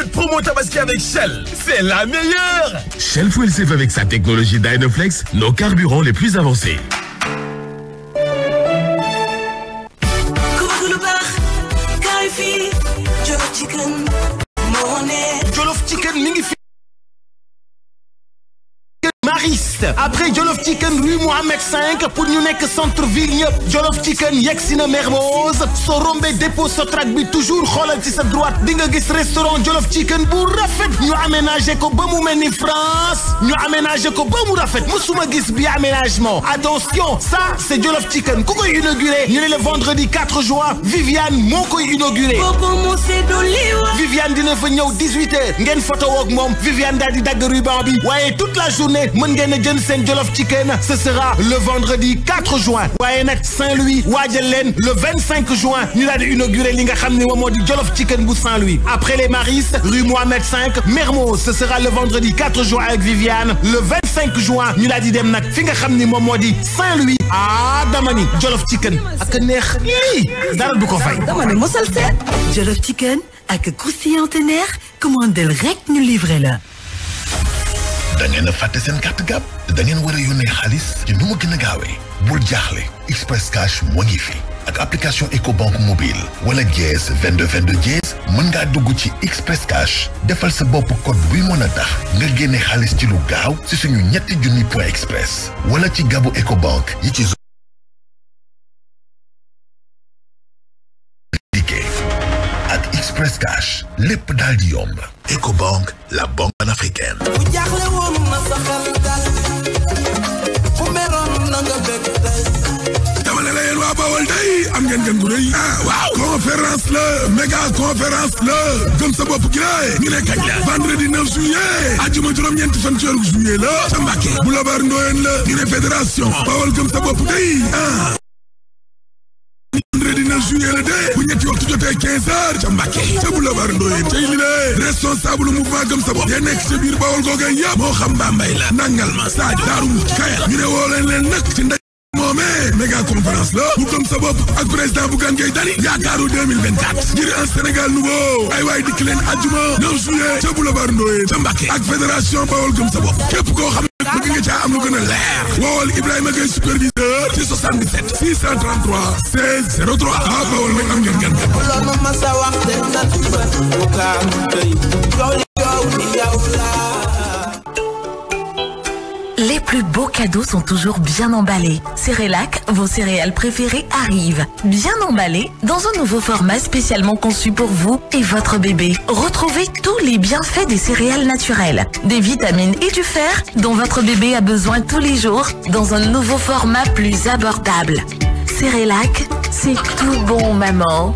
cette promo Tabaski avec Shell, c'est la meilleure Shell Fuel Safe avec sa technologie Dynaflex, nos carburants les plus avancés. ouest après Jollof Chicken rue Mohamed 5 pour ñu nekk centre ville ñëpp Jollof Chicken yegg si na Mermoz soo rombee dépôt Sotrac bi toujours xoolal ci sa droite di nga gis restaurant Jollof Chicken bu rafet ñu aménagé ko ba mu mel ni France ñu aménagé ko ba mu rafet musuma gis bi aménagement attention ça c'est Jollof Chicken ku koy inauguré ñu le vendredi juin Viviane moo koy inauguré Viviane dina fa ñëw 18h ngeen photo woog Viviane daal di dagg ruban toute la journée mën jën seen jolof chicken ce sera le vendredi 4 juin waaye nag Saint-Louis waajal leen le juin ñu daal di inauguré li nga xam ne moom moo di jolof chicken bu Saint-Louis après les maris rue Mohamed 5 Mermoz ce sera le vendredi 4 juin avec Viviane le juin ñu di dem nag fi nga xam ni moom moo di Saint-Louis ah dama ni jolof chicken ak neex ii dara bu ko fay. dama ne mosal seet jolof chicken ak croustillant teneer commandel rek ñu livré la. da a fàtte seen carte gab da ngeen war a yónnee xaalis ci nu mu gën a gaawee bul jaaxle express cash moo ngi fi ak application Ecobank mobile wala jees 22 22 jees mën ngaa dugg ci express cash defal sa bopp code buy mën a tax nga génne xaalis ci lu gaaw ci suñu ñetti junni point express wala ci gabu Ecobank yi ci Express lépp daal di yomb Ecobank la banque panafricaine. bu jaaxle woon na sa xel dal ku meroon na nga bëgg tey. dama ne la yéen waa Bawol day am ngeen gan gu rëy. ah waaw conférence la méga conférence la gëm sa bopp gi la ñu ne kañ la vendredi 9 juillet fan ci weeru juillet la ca Mbàkke boulevard Ndoyeen la ñu ne day ne dina juillet la de bu ñetti waxtu jotee quinze heures ca Mbàkke ca boulevard Ndoye tey li lée responsable mouvement gëm sa ya nekk ca biir Bawol googee yëpp moo xam Bambey la nangal ma Sadio Daaru Muxti Kayal ñu ne woo leen leen nag ci ndaje moomee méga conférence la bu gëm sa bopp ak président bu gan ngay dani yaakaaru 2024 ngir un Sénégal nouveau ay waay dikk leen ajjuma 9 juillet ca boulevard Ndoye ca ak fédération Bawol gëm képp koo xam bëgg nga caa am lu gën a leer wool Ibrahima Gueye superviseur ci 77 633 16 03 ah Bawol nag am ngeen ngeen loolu ma sa wax te sa tuba bu kaam tey yow yow yow laa Les plus beaux cadeaux sont toujours bien emballés. Cérélac, vos céréales préférées arrivent. Bien emballées dans un nouveau format spécialement conçu pour vous et votre bébé. Retrouvez tous les bienfaits des céréales naturelles, des vitamines et du fer dont votre bébé a besoin tous les jours dans un nouveau format plus abordable. Cérélac, c'est tout bon maman.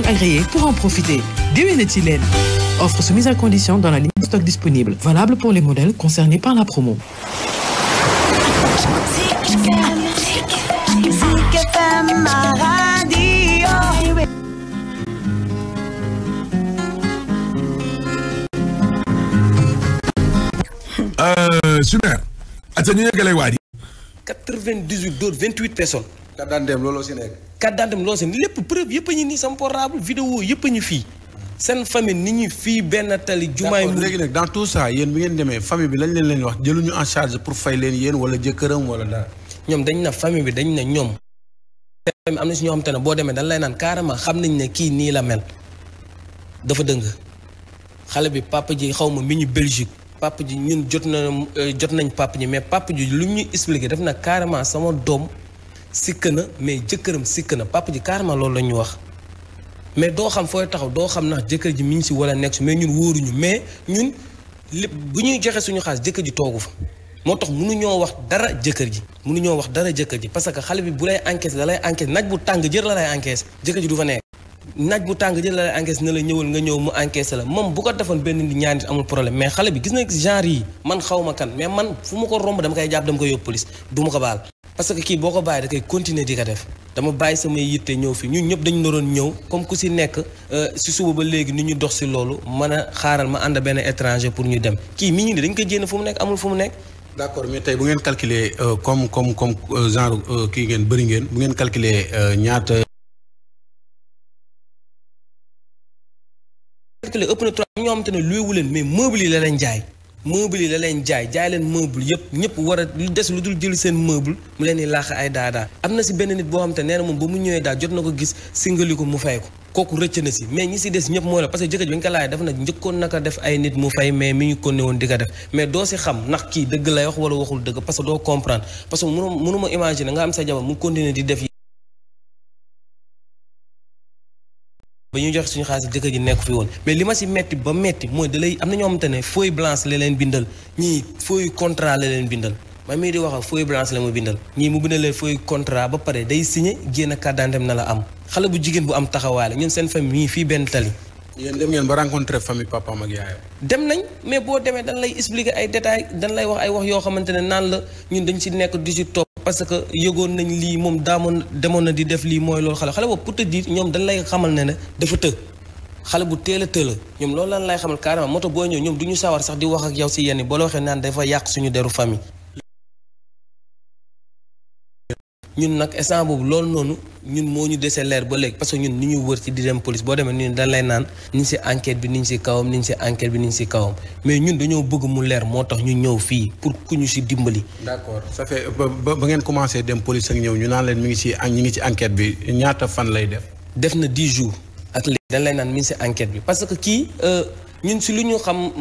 personnes agréées pour en profiter. Déwénati leen. Offre soumise à condition dans la ligne de stock disponible, valable pour les modèles concernés par la promo. Euh, carte d'identité am loo seen lépp preuve yëpp a nii sama portable vidéo yëpp a ñu fii seen famille ni ñu fii benn tali jumaay mu léegi nag dans tout ça yéen bi ngeen demee famille bi lañ leen leen wax jëluñu en charge pour fay leen yéen wala jëkkëram wala dara ñoom dañ na famille bi dañ ne ñoom am na si ñoo xam te ne boo demee dañ lay naan carrément xam nañ ne kii nii la mel dafa dëng xale bi papa ji xaw ma mi ñu Belgique papa ji ñun jot na jot nañ papa ji mais papa ji lu ñu expliqué def na carrément sama doom sikk na mais jëkkëram sikk na papa ji carrément loolu la ñu wax mais doo xam fooy taxaw doo xam nax jëkkër ji mi si wala nekk si mais ñun wóoruñu mais ñun lépp bu ñuy joxe suñu xaalis jëkkër ji toogu fa moo tax munuñoo wax dara jëkkër ji mënuñoo wax dara jëkkër ji parce que xale bi bu lay encaisse la lay encaisse naaj bu tàng jër la lay encaisse jëkkër ji du fa nekk naaj bu tàng jël la la encaisse ne la ñëwal nga ñëw mu encaisse la moom bu ko defoon benn nit ñaar nit amul problème mais xale bi gis na genre yi man xaw ma kan mais man fu ma ko romb dama koy jàpp dama koy yóbbu police ma ko baal. parce que kii boo ko bàyyi da koy di ko def dama bàyyi samay yitte ñëw fi ñun ñëpp dañu naroon ñëw comme ku si nekk euh, si suba ba léegi ni ñu dox si loolu mën a xaaral ma ànd benn étranger pour ñu dem kii mi ñu ne dañ koy jéem fu mu nekk amul fu mu nekk. d' accord mais tey bu ngeen calculer euh, comme comme comme euh, genre kii ngeen bëri ngeen bu ngeen calculer ñaata. calculer ëpp na 3 ñoo xamante ne luy wu leen mais meuble yi la leen jaay meuble yi la leen jaay jaay leen meuble yëpp ñëpp lu des lu dul jël seen meuble mu leen di laax ay daadaa am na si benn nit boo xam te nee moom ba mu ñëwee daal jot na ko gis singali ko mu fay ko kooku rëcc si mais ñi si des ñëpp mooy la parce jëkkër ji ba ñu ko laajee dafa nag njëkkoon naka def ay nit mu fay mais mi ñu ko ne woon di ko def mais doo si xam ndax kii dëgg lay wax wala ba ñuy jox suñu xaalis jëkkër ji nekk fi woon mais li ma si metti ba metti mooy da am na ñoo ne feuille blanche leen bindal ñii feuille contrat la leen bindal man mii di la mu bindal ñii mu bindal leen feuille contrat ba pare day signé génn carte d'identité na la am xale bu jigéen bu am taxawaale ñun seen famille fii benn tali. dem nañ mais boo demee dañ lay expliquer ay détails dañ lay wax ay wax yoo xamante ne naan la ñun dañ si nekk du si topp parce que yëgoon nañ lii moom daamoon demoon na di def lii mooy loolu xale xale boobu pour te dire ñoom dañ lay xamal ne ne dafa të xale bu teel a tëla ñoom loolu lan lay xamal carrément moto booy ñëw ñoom du ñu sawar sax di wax ak yow si yenn boo la waxee naan dafa yàq suñu deru famille ñun nag instant boobu loolu noonu ñun moo ñu dese ba léegi parce que ñun ñu wër ci di dem boo demee ñun dañ lay naan niñ ci enquête bi niñ ci kawam niñ ci enquête bi niñ ci kawam mais ñun dañoo bëgg mu leer moo tax ñu ñëw fii pour ku ñu ci dimbali. d'accord ça fait euh, ba ba ngeen commencé dem police ak ñëw ñu naan leen mi ngi ci ñi ngi ci enquête bi ñaata fan lay def. def na dix jours ak léegi dañ lay naan mi ngi ci enquête bi parce que kii. Euh, ñun si lu ñu xam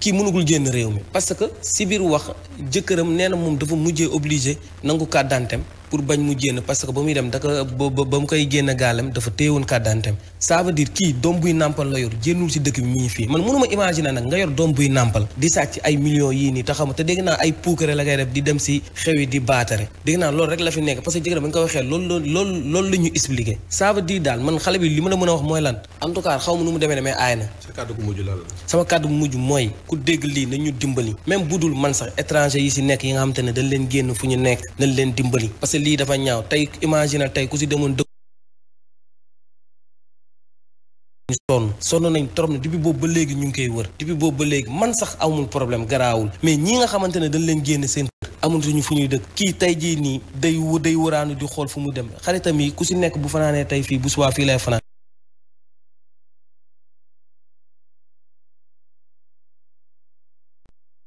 kii mënagul génn réew mi parce que si biir wax jëkkëram nee na moom dafa mujjee obligé nangu kàddaanteem pour bañ mu génn parce que ba muy dem daka ba mu koy génn gaalam dafa téyewoon kàddaanteem ça veut dire kii doom buy nàmpal la yor génnul si dëkk bi mi fii man mënuma imaginer nag nga yor doom buy nàmpal di sàcc ay millions yii nii te xam te dégg naa ay puukare la ngay def di dem si xew yi di baatare dégg naa loolu rek la fi nekk parce que jëkkër ba nga ko waxee loolu loolu loolu la ñu expliqué daal man xale bi li ma la mën a wax mooy lan en tout cas xaw ma nu mu demee demee bu mujj man sax étranger yi si nekk yi nga xam ne dañ leen génn fu ñu nekk leen dimbali lii dafa ñaaw tey imagine tey ku ci demoon dëkk sonn sonn nañ trop ne depuis boobu ba léegi ñu ngi koy wër depuis boobu ba léegi man sax amul problème garaawul mais ñi nga xamante ne dañ leen génne seen kër amatuñu fu ñuy dëkk kii tey jii nii day wu day wëraanu di xool fu mu dem xaritam yi ku si nekk bu fanaanee tey fii bu suwaa fii lay fanaan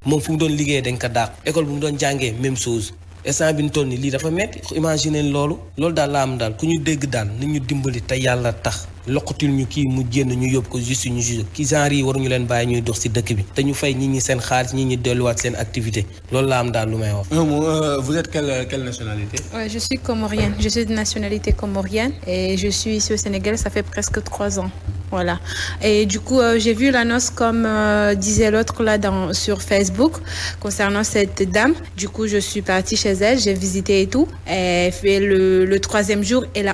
moom fu mu doon liggéeyee dañ ko dàq école bu mu doon jàngee même chose instant bi ñu toll nii lii dafa metti imaginer loolu loolu daal la am daal ku ñu dégg daan ni ñu dimbali te yàlla tax loqutul ñu kii mu génn ñu yóbbu ko juste ñu juge ki genre yi waruñu leen bàyyi ñuy dox si dëkk bi te ñu fay nit ñi seen xaalis nit ñi delluwaat seen activité loolu laa am daal lu may wax. Euh, euh, vous êtes quelle quelle nationalité. Ouais, je suis comorienne je suis de nationalité comorienne et je suis au Sénégal ça fait presque trois ans. Voilà. Et du coup, euh, j'ai vu l'annonce comme euh, disait l'autre là dans, sur Facebook concernant cette dame. Du coup, je suis partie chez elle, j'ai visité tout. Et le, le jour, elle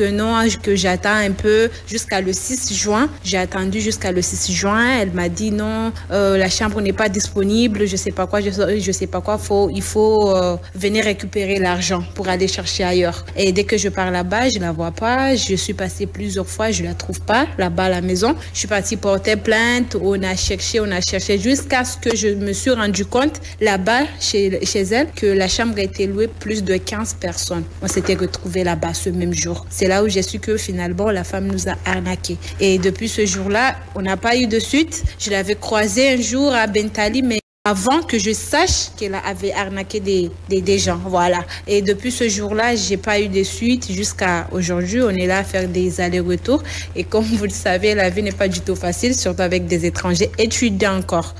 que non, que j'attends un peu jusqu'à le 6 juin. J'ai attendu jusqu'à le 6 juin. Elle m'a dit non, euh, la chambre n'est pas disponible, je sais pas quoi, je, je sais pas quoi. Faut, il faut euh, venir récupérer l'argent pour aller chercher ailleurs. Et dès que je pars là-bas, je la vois pas. Je suis passée plusieurs fois, je la trouve pas là-bas à la maison. Je suis partie porter plainte. On a cherché, on a cherché jusqu'à ce que je me suis rendu compte là-bas chez, chez elle que la chambre a été louée plus de 15 personnes. On s'était retrouvés là-bas ce même jour. C'est là où j'ai su que finalement, la femme nous a arnaqués. Et depuis ce jour-là, on n'a pas eu de suite. Je l'avais croisée un jour à Bentali, mais avant que je sache qu'elle avait arnaqué des, gens. Voilà. Et depuis ce jour-là, j'ai pas eu de suite jusqu'à aujourd'hui. On est là à faire des allers-retours. Et comme vous le savez, la vie n'est pas du tout facile, surtout avec des étrangers étudiants encore.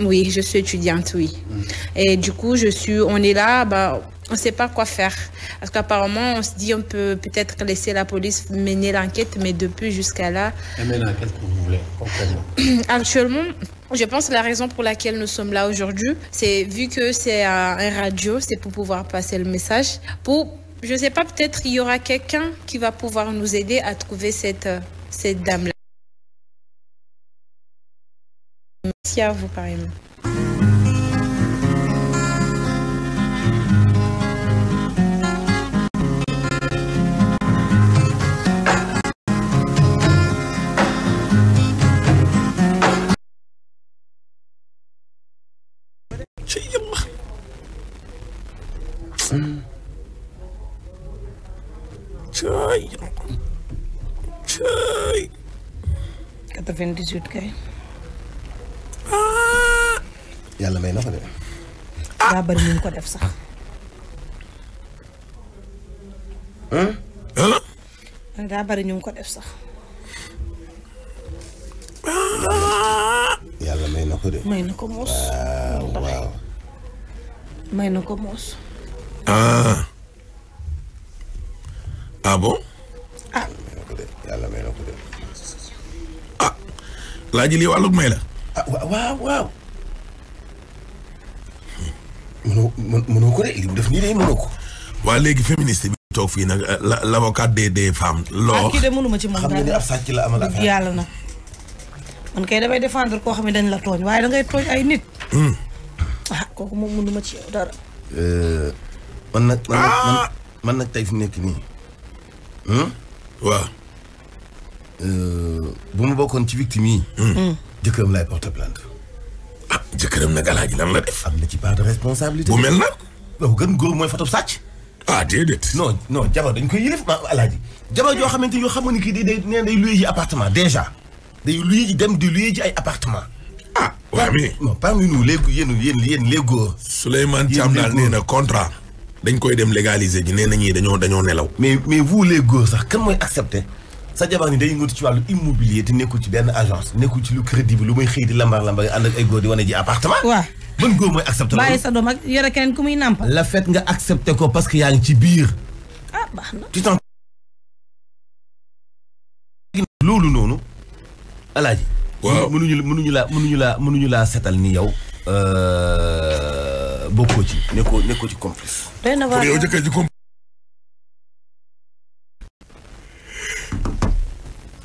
oui, je suis étudiante, oui. Mm. Et du coup, je suis, on est là, on ne sait pas quoi faire. Parce qu'apparemment, on se dit on peut peut laisser la police mener l'enquête, mais depuis jusqu'à là... Elle l'enquête que vous voulez, concrètement. [CLEARS THROAT] Actuellement, je pense que la raison pour laquelle nous sommes là aujourd'hui, c'est vu que c'est un, radio, c'est pour pouvoir passer le message, pour je sais pas, peut il y aura quelqu'un qui va pouvoir nous aider à trouver cette, cette dame 98 kay. Ah. yàlla may na ko de. daa ah. bari ko def sax. daa bari ñu ko def sax. Ah. yàlla may na ko de. may na ko moos. may na ko moos. ah bon. laa ji lii wàllug may la. Ah, waaw waaw. mënoo mënoo ko de li mu def nii de mënoo ko. waa léegi féministe bi toog fii nag la l' avocat des des femmes. loo ah, kii de xam ne ab sàcc la amal affaire yàlla kay damay défendre koo xam ne dañ la tooñ waaye da tooñ ay nit. Hmm. ah kooku moom mënuma ci yow dara. Euh, man nag man nag ah! tey fi nekk nii. Hmm? waaw. Euh, bu ma bokkoon ci victime yi. Hmm. Hmm. jëkkëram laay porte plainte. ah jëkkëram nag alaaji lan la def. ci part de responsabilité. bu mel na. waaw gën góor mooy Fatou sàcc. ah déedéet. non no jabar dañ koy yilif ma alaaji. jabar joo xamante yoo xam ne kii day day nee day luye ji appartement déjà day luye ji dem di luye ji ay appartement. ah waa mais. non parmi nous les yéen yéen yéen les góor. Souleymane Thiam naa nee na contrat. dañ koy dem légaliser ji nee na ñii dañoo dañoo nelaw. mais mais vous les góor sax kan mooy accepter. sa jabar ni day yëngatu ci wàllu immobilier te nekkul ci benn agence nekkul ci lu crédible lu muy xëy di lambar lambar ànd ak ay góor di wane ji appartement. waaw ban góor mooy accepté. bàyyi sa ku muy nàmpal. la fait nga accepté ko parce que yaa ci biir. Ah, loolu noonu alaaji. waaw mënuñu mënuñu laa mënuñu laa mënuñu laa setal ni yow. Euh, bokkoo ci ci complice. doy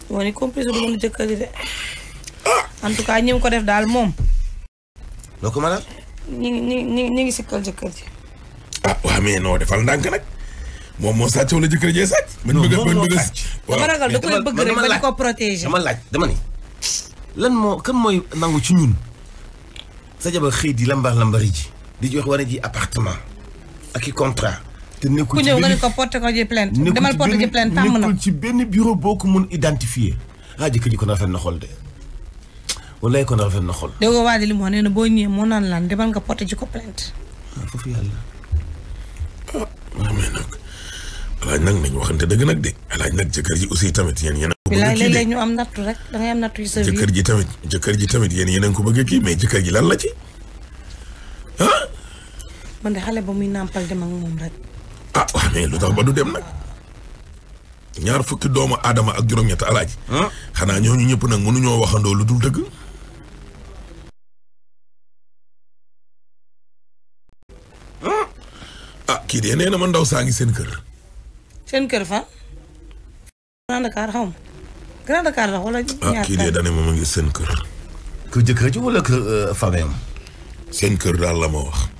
moo ni complice du mën a jëkkër de en tout cas ñi mu ko def daal moom. loo ko mënal. ñi ngi ñi ñi ngi sikkal jëkkër ji. ah waa mais non defal ndànk nag moom moo sàcc wala jëkkër jee sàcc. man bëgg man bëgg dama ragal da koy bëgg rek ko protéger. dama laaj dama ni lan moo kan mooy nangu ci ñun sa jabar xëy di lambar lambari ji di jox a ji appartement ak i contrat. te nekkul ci benn ku ñëw nga ne ko porté ko ji benn bureau boo ko mun identifier. ah jëkkër ji kon rafet na xol de walaay kon rafet na xol. déggoo waa ji li mu wax nee na boo ñëwee moo naan laan demal nga porté ji ko plainte. waaw ah, foofu yàlla. ah waaw mais nag alaaj nag nañu waxante dëgg nag de alaaj nag ji aussi tamit yéen yéen a. bilaay léeg-léeg ñu am nattu rek da sa vie. jëkkër ji jëkkër ji tamit yéen yéen a ko bëgg kii mais jëkkër ji lan la ci ah. man de xale ba muy nàmpal dem ak moom rek ah lu ba du dem nag ñaar fukki doomu aadama ak juróom-ñett alaaji. xanaa ñooñu ñëpp nag mënuñoo waxandoo lu dul dëgg. ah kii de nee ma ndaw saa ngi seen kër. seen kër fan. Grand Dakar xaw ma Grand la wala. Ah, kii de dane ma ma ngi seen kër. kër jëkkër ji wala kër euh, famille am. seen kër daal la ma wax.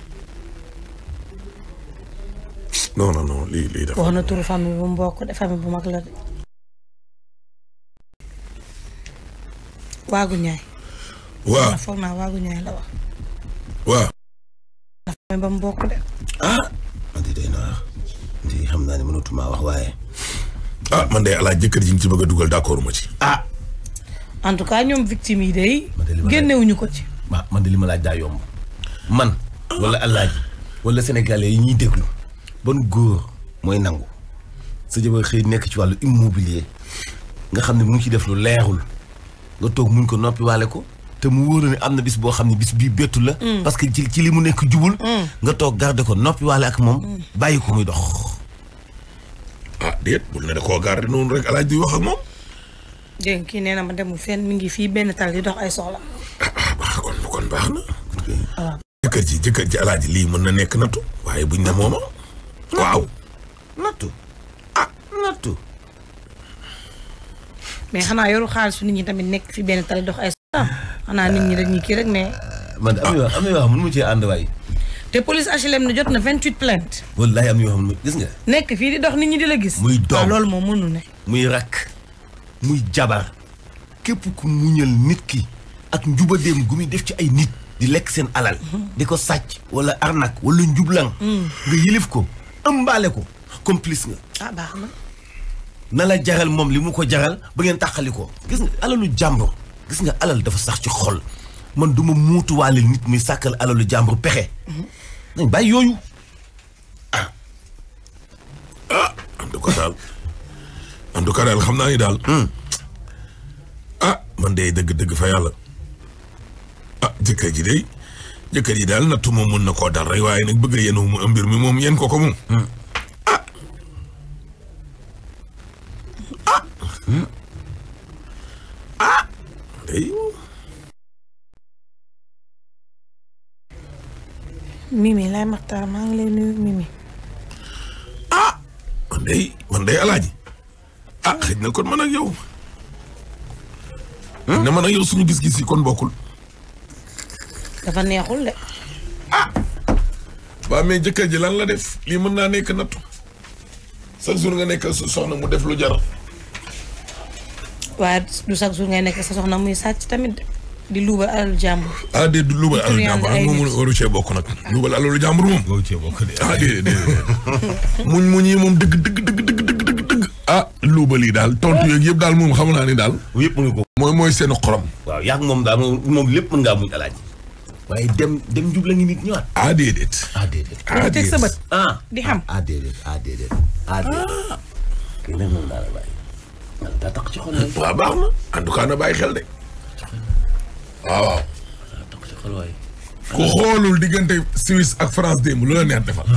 non non non famille bu mu bokk famille bu mag la de. waagu ñaay. waaw foog naa waagu ñaay la wax. waaw. man de day xam naa ne mënatuma wax waaye. ah man de ala jëkkër ji nga ci bëgg a dugal d'accord ma ci. ah. en tout cas ñoom victime yi day. génnewuñu ko ci. waaw man de li daa yomb. man. wala alaaji wala sénégalais yi ñuy déglu. ban góor mooy nangu sa jabar xëy nekk ci wàllu immobilier nga xam ne mu ngi ci def lu leerul nga toog muñ ko noppi waale ko te mu wóor ne am na bis boo xam ne bis bii bettu la. Mm. parce que ci ci li mu nekk jubul. Mm. nga toog garde ko noppi waale ak moom. Mm. bàyyi ko muy dox. ah déet bul ne da koo garde noonu rek alaaj di wax ak moom. dégg nee na ma demul fenn mi ngi fii benn tal di dox ay soxla. ah, ah baax kon kon ah, jëkkër ji jëkkër ji alaaji lii mën na nekk nattu waaye buñ ne mooma. waaw nattu ah nattu mais xanaa yoru xaalis nit ñi tamit nekk fi benn tali dox ay sax xanaa nit ñi dañuy kii rek mais ah, man de am yoo yoo xam mun mu cee ànd waay te police HLM ne jot na vingt huit plainte wallahi am yoo xam ne nga nekk fii di dox nit ñi di la gis muy doom lool moom mënu ne muy rakk muy jabar képp ku muñal nit ki ak njubadeem gu muy def ci ay nit di lekk seen alal mhm. di ko sàcc wala arnak wala njublan mm. nga yilif ko mbaale ko complice nga. Ah, na. na la jaral moom li mu ko jaral ba ngeen tàqali ko gis nga alalu jàmbur gis nga alal dafa sax ci xol man du ma muutuwaale nit muy sàkkal alalu jàmbur pexe. Mhm. nañ bàyyi yooyu ah. ah en tout daal en daal xam naa ni daal. Hmm. ah man de dëgg-dëgg fa yàlla ah jëkkër ji de. jëkkër yi daal nattu moom mën na koo dal rek waaye nag bëgg a yenu mu mi moom yen ko ko moom. Hmm. ah. ah. ah. Mimi lay Maxtaar maa ngi lay nuyu ah man day man day alaaji ah xëj na kon man ak yow. Hmm? na mën ak yow suñu gis-gis yi kon bokkul. dafa neexul de. ah. waa mais jëkkër ji lan la def lii mën naa nekk nattu chaque jour nga nekk sa soxna mu def lu jar. waaye du chaque jour ngay nekk sa soxna muy sàcc tamit di luubal alalu jàmbur. ah de du luubal alalu jàmbur ah moom waru cee bokk nag. luubal alalu jàmbur moom. Ah, muñ muñ moom dëgg dëgg dëgg dëgg dëgg dëgg. ah luubal yi daal tontu yeeg yëpp daal moom xam naa ni daal. yëpp mën nga xorom. waaw yaa moom daal moom lépp mën ngaa muñ alaaji. waaye dem dem jubla ngi nit ñëwaat. ah déedéet. ah déedéet. ah, ah. ah, ah kii nag moom daal la bàyyi. man daa ci xol waay. waaw baax na en tout cas na bàyyi xel de. waaw ak France démb lu la neex defal.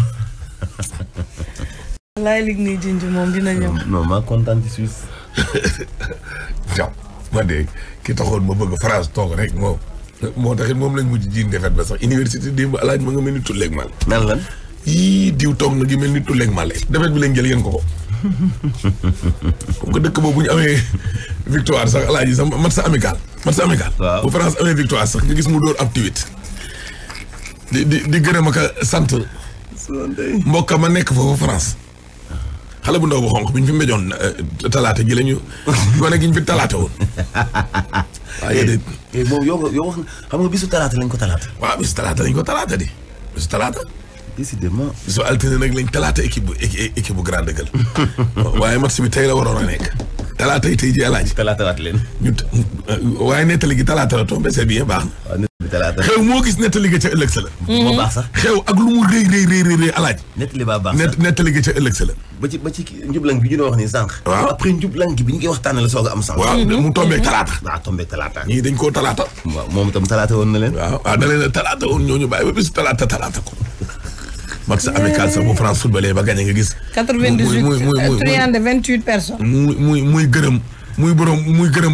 [LAUGHS] laay lig nii moom dina ñëw. non maa kontaan ci Suisse. [LAUGHS] jàpp ma de ki ma bëgg France toog rek moom. [LAUGHS] moo taxit moom lañ mujj jiin defet ba sax université démb alaaj ma nga mel ni tulleeg mal yii diw toog na gi mel ni tulleeg mal defet bi lañ jël yéen ko ko [LAUGHS] comme que dëkk boobu ñu amee victoire sax alaaji sax match amical match amical bu France amee victoire sax nga gis mu dóor ab tiwit di di di sant mbokka ma nekk foofu France xale bu ndaw bu xonq bi ñu fi euh, talaata gi la ñu. [LAUGHS] gone gi ñu fi talaata woon. [LAUGHS] waaye moom eh, eh, yow wax xam nga bisu talaata lañ ko talaata. waaw bisu talaata lañ ko talaata di bisu talaata. décidément. su altine nag lañ talaata équipe bu équipe bu grande gueule. [LAUGHS] waaye match bi tey la waroon a nekk. talaata yi tey jii talaata laat leen. [LAUGHS] ñu euh, waaye nettali gi talaata la tombé c'est bien baax na. xew moo gis nettali ga ca ëllëg sa la. Mhm. baax sax xew ak lu mu rëy rëy rëy rëy alaaj. nettali baa baax ca ëllëg sa ba ci ba ci bi ñu wax ni sànq. waaw après njublang bi ñu ngi waxtaanee la soog am sànq. waaw mu mhm. tombé mhm. talaata. waaw tombé talaata. ñii dañ koo talaata. waaw moom itam talaata woon na leen. waaw waaw da leen a talaata woon ñooñu bàyyi ko. match amical sax bu France footballé ba gagné muy muy muy muy 98 gërëm. borom muy gërëm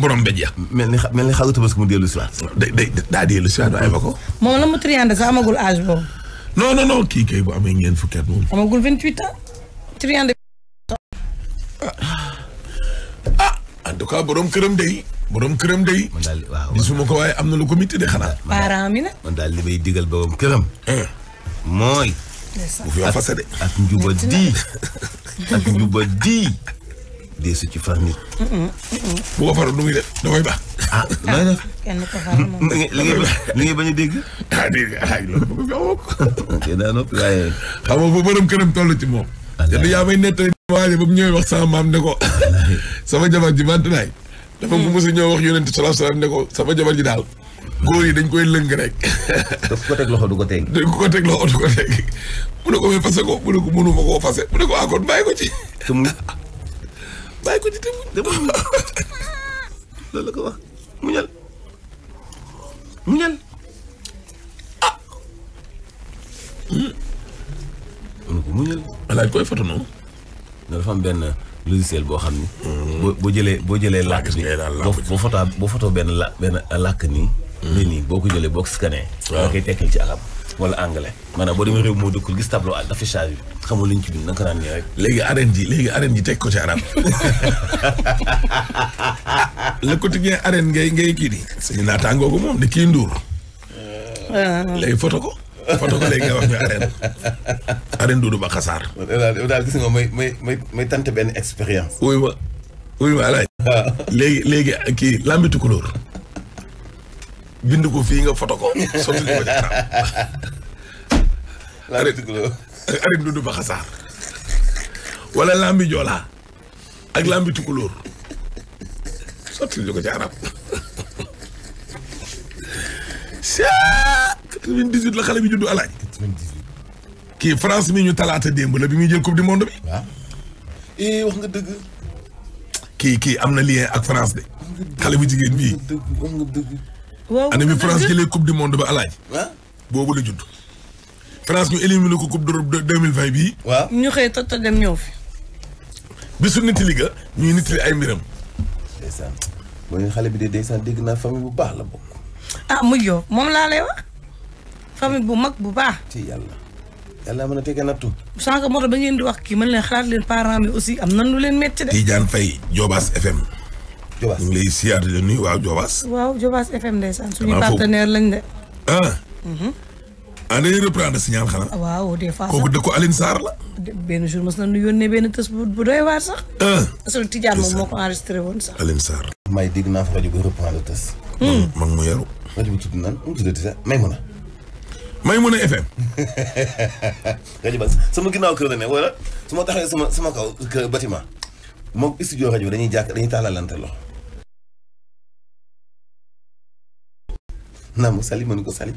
mel ni xa mel ni xaru tabaski mu dellu si waat. day dellu si waat waaye ba ko. moom la mu triande sax amagul âge boobu. non non non kii kay bu amee ngeen fukki at moom. amagul 28 ans. triande. Ah, ah en tout cas borom këram day. borom këram day. man daal waaw gisuma ko waaye am na lu ko mitti de xanaa. parents mi nag. man daal li may digal borom eh. mooy. bu fi wax de. ak njuba di ak njuba di deesu ci far nit. bu ko faroon nu muy def dafay baax. ah nooy def. dégg ko faral moom li ngay li ngay a dégg. ah dégg nga ah loolu bëgg nga woo ko. ok toll ci moom. wallaahi yaa may nettali waaye ba mu ñëwee wax sama maam ne ko. sama jabar ji mante naay. dafa mu mos a ñëw wax yonent sallallahu alayhi wasallam ne ko sama jabar ji daal. góor yi dañ koy lëng rek. [LAUGHS] daf ko teg loxo du ko teg. dañ ko teg loxo ko teg mu ne ko fay fase ko mu ne ko koo fase mu ne ko mu ah bàyyi ko mu ne ko koy foto noonu. dafa am benn. logiciel boo xam ni. Hmm. boo boo jëlee boo jëlee. làkk bi boo boo foto boo benn làkk nii. mais mm-hmm. nii boo ko jëlee boo ko scanné nga koy ci arab wala anglais maanaam boo demee réew moo dëkkul gis tableau ak affichage bi xamul liñ ci bind naka naan nii rek léegi arène ji léegi arène ji teg ko ci arab [LAUGHS] le quotidien arène ngay ngay kii di suñu naataangoo ko moom di kii nduur ah. léegi photo ko photo ko léegi nga wax ñu arène arène duudu ba xasaar daal gis nga may may may may tante benn expérience wuy ma wuy ma alaaj [LAUGHS] léegi léegi kii lambitu couleur bind ko fii nga foto ko [LAUGHS] sotti ko ci arab arit dundu ba ak lambi tukulóor sotti ko ci arab quatre-vingt-dix-huit la xale bi juddu alaaj kii France mi ñu talaata démb bi muy jël coupe du monde bi eh, kii kii am na lien ak France de xale bu jigéen bi waaw année bi France jëlee coupe du monde ba alaaj boobu la judd. France ñu éliminé ko coupe d'Europe deux mille vingt bii. waaw ñu xëy tot dem ñëw fi. bisu nit li ga ñuy nit li ay mbiram. ndeysaan mooy xale bi de ndeysaan dégg naa famille bu baax la bokk. ah mujjoo moom laa lay wax. famille bu mag bu baax. ci yàlla yàlla mën a tege nattu. sànq moo tax ba ngeen di wax kii mën leen xalaat leen parents mi aussi am nan lu leen métti de. Tidiane Faye Diobass FM. Jobaas ñu ngi lay siyaar di nuyu waaw Jobaas. waaw Jobaas FM ndeysaan suñu partenaire lañ de. ah. Mhm. ah dañuy reprendre signal xanaa. waaw des fois kooku la. benn jour na nu yónnee benn tës bu doy sax. ah Sëñ Tidiane ko enregistré woon sax. Aline Sarr. may dégg naa fa rajo bi reprendre tës. mag hmm. mu yaru. rajo bi tudd naan may mun a. FM. rajo ba sama ginnaaw kër la ne wala su ma taxee sama sama kaw bâtiment moom studio rajo dañuy jàkk dañuy taalalante loo naa mu sali mënu ko sali.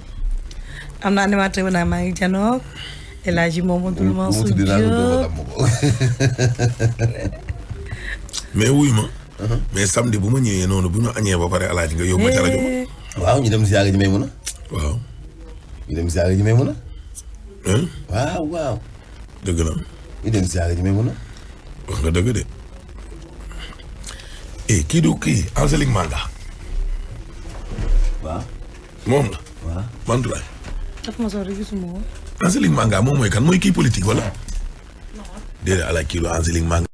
am na animateur bi nag maa ngi janoog El Hadj Mamadou Mansour Diop [LAUGHS] mais wuy ma. Uh-huh. mais samedi bu ma ñëwee noonu bu ñu añee ba pare alaaji nga yóbbu ma ca rajo eh. waaw ñu dem ziyaara a. waaw. ñu dem ziyaara eh? waaw waaw. dëgg na. ñu dem ziyaara ji may mun a. nga dëgg de. Eh, kii du kii Angélique Manga. waaw. moom la. waaw Mantoulaye. dafa ma moom mooy kan mooy kii politique wala. kii la Angeline Manga.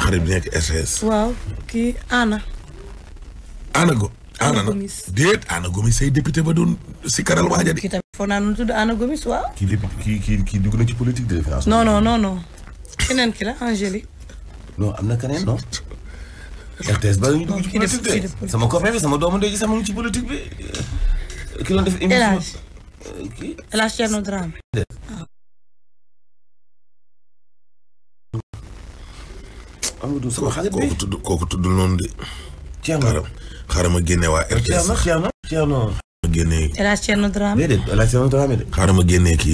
non bi nekk RTS. waaw kii Anna. Anna go Anna na Anna Gomis say député ba doon si karal waaja di. kii tamit foog Anna Gomis waaw. kii député kii kii kii dugg ci politique de référence. non non non non. keneen ki non am na non. RTS ba ñu dugg ci politique de sama copain bi sama doomu ndey ci politique bi. ki doon def émission kii El tudd kooku ma génne waa RTS. Thierno Thierno ma génne.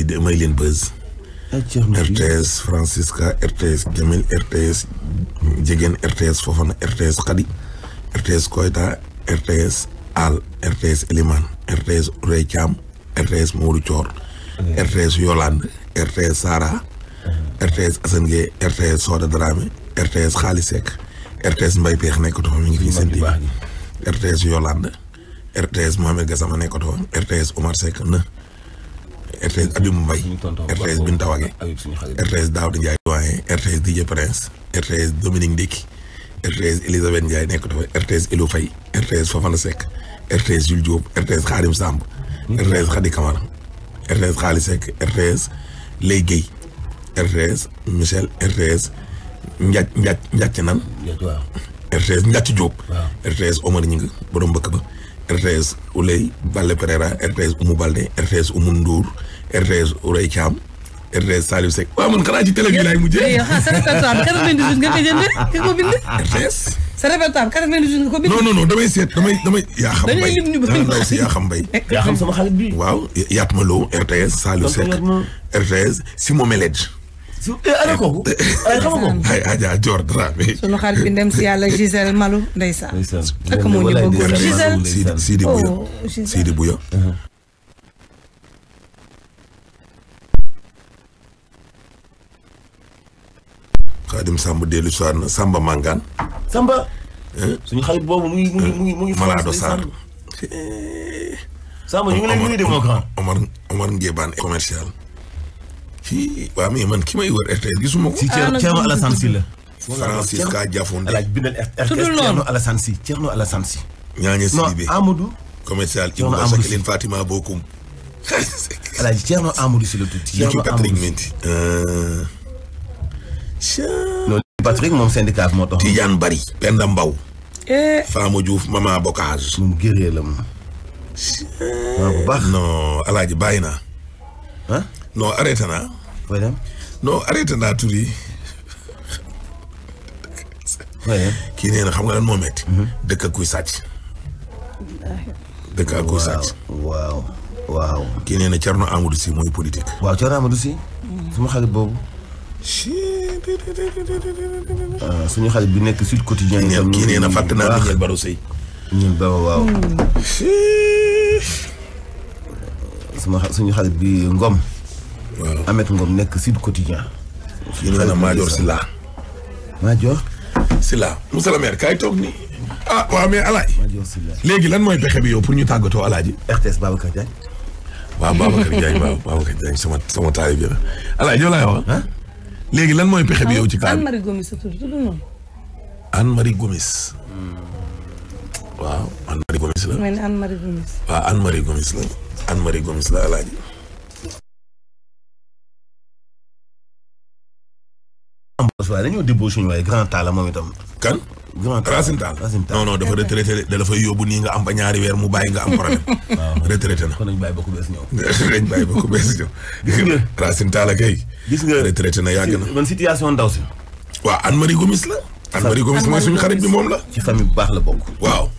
El Hadj RTS Francisca RTS Jamil RTS. jegeen RTS Fofana RTS Khady RTS Koyta RTS Al RTS Elimane RTS Ourey Thiam RTS Modou Thior RTS Yolande RTS Sara RTS Assane Gueye RTS Soda Dramé RTS Khali RTS Mbaye Peex nekkatu fa mi ngi fii seen di RTS Yolande RTS Mohamed Gassama nekkatu fa RTS Omar Seck na RTS Abim Mbaye RTS Binta Wage RTS Daouda doyen RTS DJ Prince RTS Dominique Ndéki RTS Elisabeth Ndiaye nekk dafa RTS Elou Faye RTS Fofana Seck RTS Jules Diop RTS Khadim Samb RTS Khady Kamara RTS Khali RTS Lay Guèye RTS Michel RTS Ndiac Ndiac Ndiac RTS Ndiac Diop RTS Omar Ñing borom mbëkk ba RTS Ouley Bale Pereira RTS Oumou Balde RTS Oumou Ndour RTS Ourey Thiam RTS Saliou Seck waaw man xanaa ci télé bi laay mujjee. yow sa répertoire bi 98 nga ko jënd nga ko bind. RTS. sa répertoire bi 98 nga ko bind. non non non damay seet damay damay. yaa xam mbay ndaw si yaa xam mbay. yaa xam sama xarit bi. waaw Yaatma Lo RTS Saliou Seck RTS Simon Meledge. su eh, ala kooku eh, eh, ay xam ko ay Adja Dior Dramé. sunu xarit bi ndem si yàlla Gisèle Malou ndeysaan. ndeysaan ak moo ñu bëgg oh, Gisèle Sidi Bouya Sidi uh-huh. Bouya. Xaadim Samba dellu si waat na Samba Mangane. Samba. Eh? suñu xarit boobu Omar Omar commercial. kii waa mais man ki may wër RTS gisuma ko. si Thierno ah, Alassane Sy la. Francis Ka Diafonde. alaaj bindal RTS Thierno Alassane Sy Thierno Alassane Sy. ñaaña Sidibé non Amadou. commercial Ibou [LAUGHS] loolu Patrick moom syndicat moo tox Tidiane Bari. Penda Mbaw. Eh. Fama Diouf Mama Bocage. la moom. waaw bu baax. bàyyi naa. ah non arrêté naa. fooy dem non arrêté kii nee na xam nga lan moo metti mhm. dëkk ak kuy sàcc. dëkk ak kuy sàcc. waaw kii nee na Thierno Amadou Sy mooy waaw Thierno Amadou Sy. Mm. suma xarit boobu. Euh, suñu xarit bi nekk Sud Quotidien yi. ñoom kii nee na fàtte naa Michel ba waaw. Hmm. sama suñu xarit bi Ngom. waaw Ameth nekk Sud Quotidien. fii nee na Madior Silla. a Silla monsieur le maire kaay toog nii. ah waaw mais Alaaji. léegi lan mooy bexe bi yow pour ñu tàggatoo Alaaji. RTS Babacar Diagne. waaw Babacar Diagne sama sama taay yow laa yow ah. léegi lan mooy pexe bi yow ci kaw. Anne Marie Gomis sa tur tudd noonu. Anne Marie Gomis. waaw Anne Marie Gomis la. mel ni Anne Marie Gomis. waaw Anne Marie Gomis la Anne Marie Gomis la alaaji. waaw dañoo débauché grand Racine Tall non non dafa retraité da la fay yóbbu nii nga am ba ñaari weer mu bàyyi nga am problème. [LAUGHS] retraité na bàyyi ba ku bees ñëw. dañ [LAUGHS] bàyyi gis nga Racine kay. gis nga na yàgg na man situation ndaw waaw Anne Marie Gomis la. Anne Marie Gomis mooy suñu xarit bi moom la. ci famille bu baax la bokk. waaw.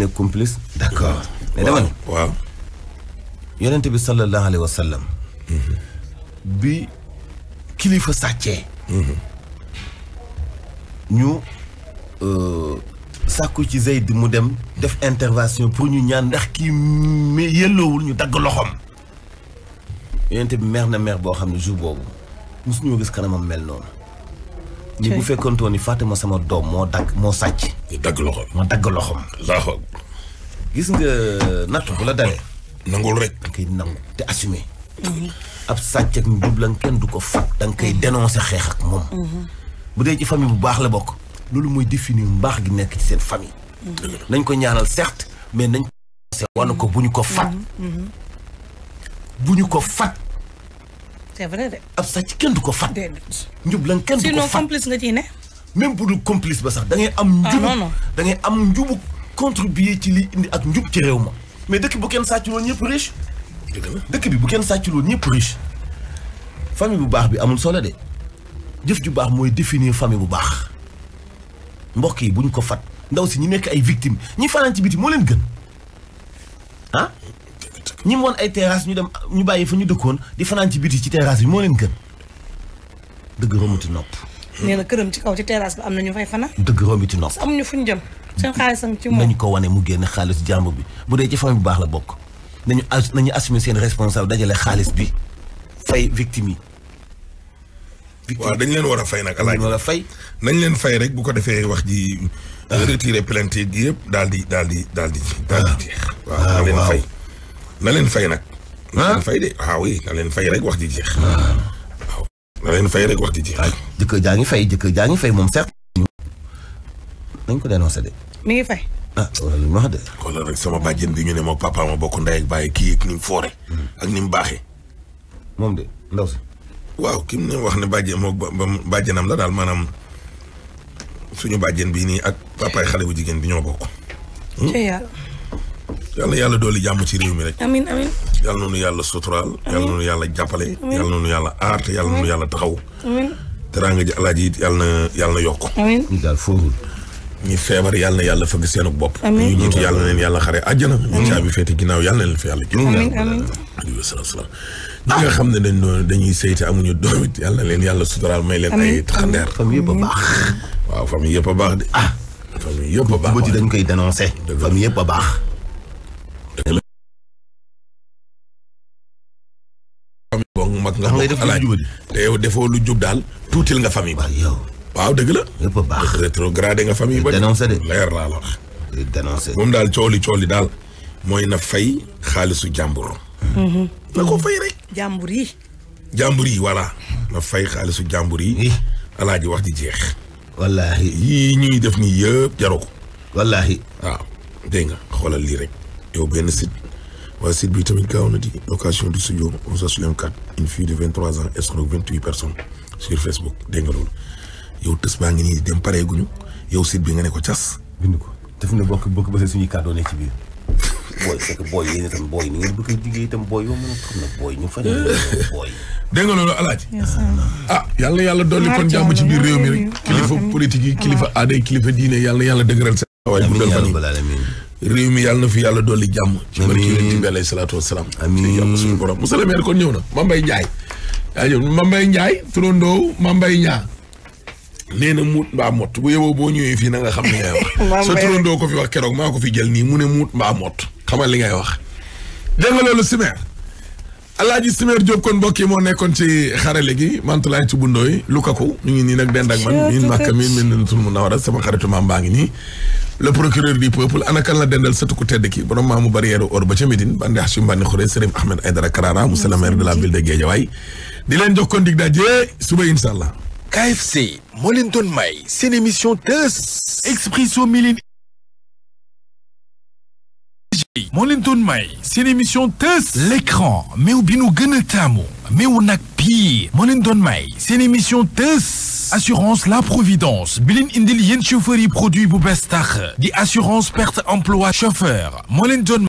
ne complice. d'accord mais dama ne. waaw. yonent bi sallallahu mhm. bi kilifa sàccee. Mhm. ñu euh, sàkku ci Zayd mu dem def intervention pour ñu ñaan ndax kii mais yelloowul ñu dagg loxoom yonente bi mer na mer boo xam ne jour boobu mosuñoo gis kanamam mel noonu ni bu fekkontoo ni ma sama doom moo dagg moo sàcc ñu dagg loxoom moo dagg loxoom gis nga natt bu la dalee nangul rek da nga koy nangu te assumé mhm. ab sàcc ak njublan kenn du ko fat da nga koy mhm. dénoncé xeex ak moom mhm. bu dee ci famille bu baax la bokk loolu mooy définir mbaax gi nekk ci seen famille. nañ ko ñaanal certes mais nañ ko wan ko bu ñu ko fat bu ñu ko fat c'est vrai de. ab sàcc kenn du ko fat njub lan kenn du ko fat sinon complice nga ciy ne. même bu dul complice ba sax da ngay am. Ah, njubu da ngay am njubu contribuer ci li indi ak njub ci réew ma. mais dëkk bu kenn sàcc loolu ñëpp riche. dëkk bi bu kenn sàcc ñëpp riche. famille bu baax bi amul solo de. jëf ju baax mooy définir famille bu baax mbokk yi bu ñu ko fat ndaw si ñu nekk ay victimes ñi fanaan ci biti moo leen gën ah ñi woon ay terrasse ñu dem ñu bàyyi fa ñu dëkkoon di fanaan ci biti ci terrasse bi moo leen gën dëgg romuti nopp nee na këram ci kaw ci terrasse bi am na ñu fay fanaan dëgg romuti nopp am ñu fuñ jëm seen xaalisam ci moom nañu ko wane mu génn xaalis jàmbur bi bu dee ci famille bu baax la bokk nañu nañu assumer seen responsable dajale xaalis bi fay victimes yi waaw dañ leen war a fay nag alaaj war a fay nañ leen fay rek bu ko defee wax ji euh, retiré plainte yi yëpp daal di daal di daal di ah. jeex waaw na leen ah, fay na nag leen fay ah. de waaw oui leen fay rek wax ji jeex leen fay wax ji jeex jëkkër jaa ngi fay jëkkër jaa ngi fay moom certes nañ ko dénoncé de mi ngi fay ah loolu ma wax de sama bàjjen bi ñu ne moo papa ma bokk ndey ak bàyyi kii ak ni mu foore hmm. ak ni mu moom de ndaw si waaw ki ne wax ne bàjjen moom bàjjenam la daal maanaam suñu bàjjen bii nii ak papaay xale bu jigéen bi ñoo bokk. Hmm? yal na yàlla dooli jàmm ci réew mi rek. amiin amiin. yal na nu yàlla suturaal. amiin yàlla jàppale. yal na nu yàlla aar te yal na yàlla taxaw. amiin ji alaaji it yal na yal na yokk. amiin daal feebar yal na yàlla fëgg seen bopp. amiin ñu jiitu yal na yàlla xare àjjana. ñu caabi feeti ginnaaw yal na leen fi yàlla. amiin amiin jërëjëf ñi nga xam ne dañ doon dañuy sayte amuñu doom it yàlla leen yàlla suturaal may leen ay taxandeer famille yëpp a baax waaw famille yëpp a baax de ah famille yëpp a baax bëti dañ koy dénoncé famille yëpp a baax famille boobu mag nga bokk alaaj te yow defoo lu jub daal tuutil nga famille ba waaw dëgg la yëpp a baax rétrogradé nga famille ba dénoncé de leer laa la dénoncé moom daal cooli cooli daal mooy na fay xaalisu jàmbur Mm-hmm. na ko fay rek. jàmbur yi. jàmbur yi voilà. na fay xaalisu jàmbur yi. alaaji wax di jeex. wallaahi yii ñuy def nii yëpp jaroo ko. wallaahi. waaw ah, dégg nga xool xoolal lii rek. yow benn site. waaye site bi tamit gaaw na di. location du studio Moussa Souleym 4. une fille de 23 ans escroque 28 personnes sur Facebook dégg nga loolu. yow tës baa ngi nii dem pareeguñu yow site bi nga ne ko cas. bind ko def na bokk bokk ba suñuy kàddoo ne ci biir. booy fekk booy yéen itam a liggéey itam booy yoo mën a ah, yàlla yàlla dolli kon jàmm ci biir réew mi rek kilifa politique yi kilifa aada kilifa diine yàlla yàlla dëgëral sa waay réew mi yàlla na fi yàlla dolli jàmm ci barki yonent bi alayhi salaatu wasalaam amiin yàlla suñu borom monsieur le maire kon ñëw na Mambay Ndiaye yaa jël Mambay Ndiaye turandoo Mambay muut mbaa mot bu yeboo boo ñëwee fii na nga xam ne ngay wax [LAUGHS] sa ko fi wax keroog maa ko fi jël nii mu ne muut mbaa mot xamal li ngay wax dégg nga loolu Simer Alaaji Simer Diop kon mbokk yi moo nekkoon ci xarale gi mantulaay ci bundooy Lukaku ñu ngi nii nag dend ak man miin màkk miin miin natul mu nawara sama xaritu maam baa ngi nii le procureur du peuple ana kan la dendal sëtu ku tedd ki ma maamu barrière or ba ca Médine bandi ax si mbànni xure Ahmed Aïdara Karara monsieur le maire de la ville de Guédiawaye di leen jox kon dig dajee suba insha allah KFC moo leen doon may seen émission Teuss Expresso moo leen doon may seen émission tës l'écran meew bi nu gën a taamu meewu nag pii moo leen doon may seen émission tës assurance la providence bi leen indil yéen chauffeur yi produit bu bees tax di assurance perte emploi chauffeur moo leen doon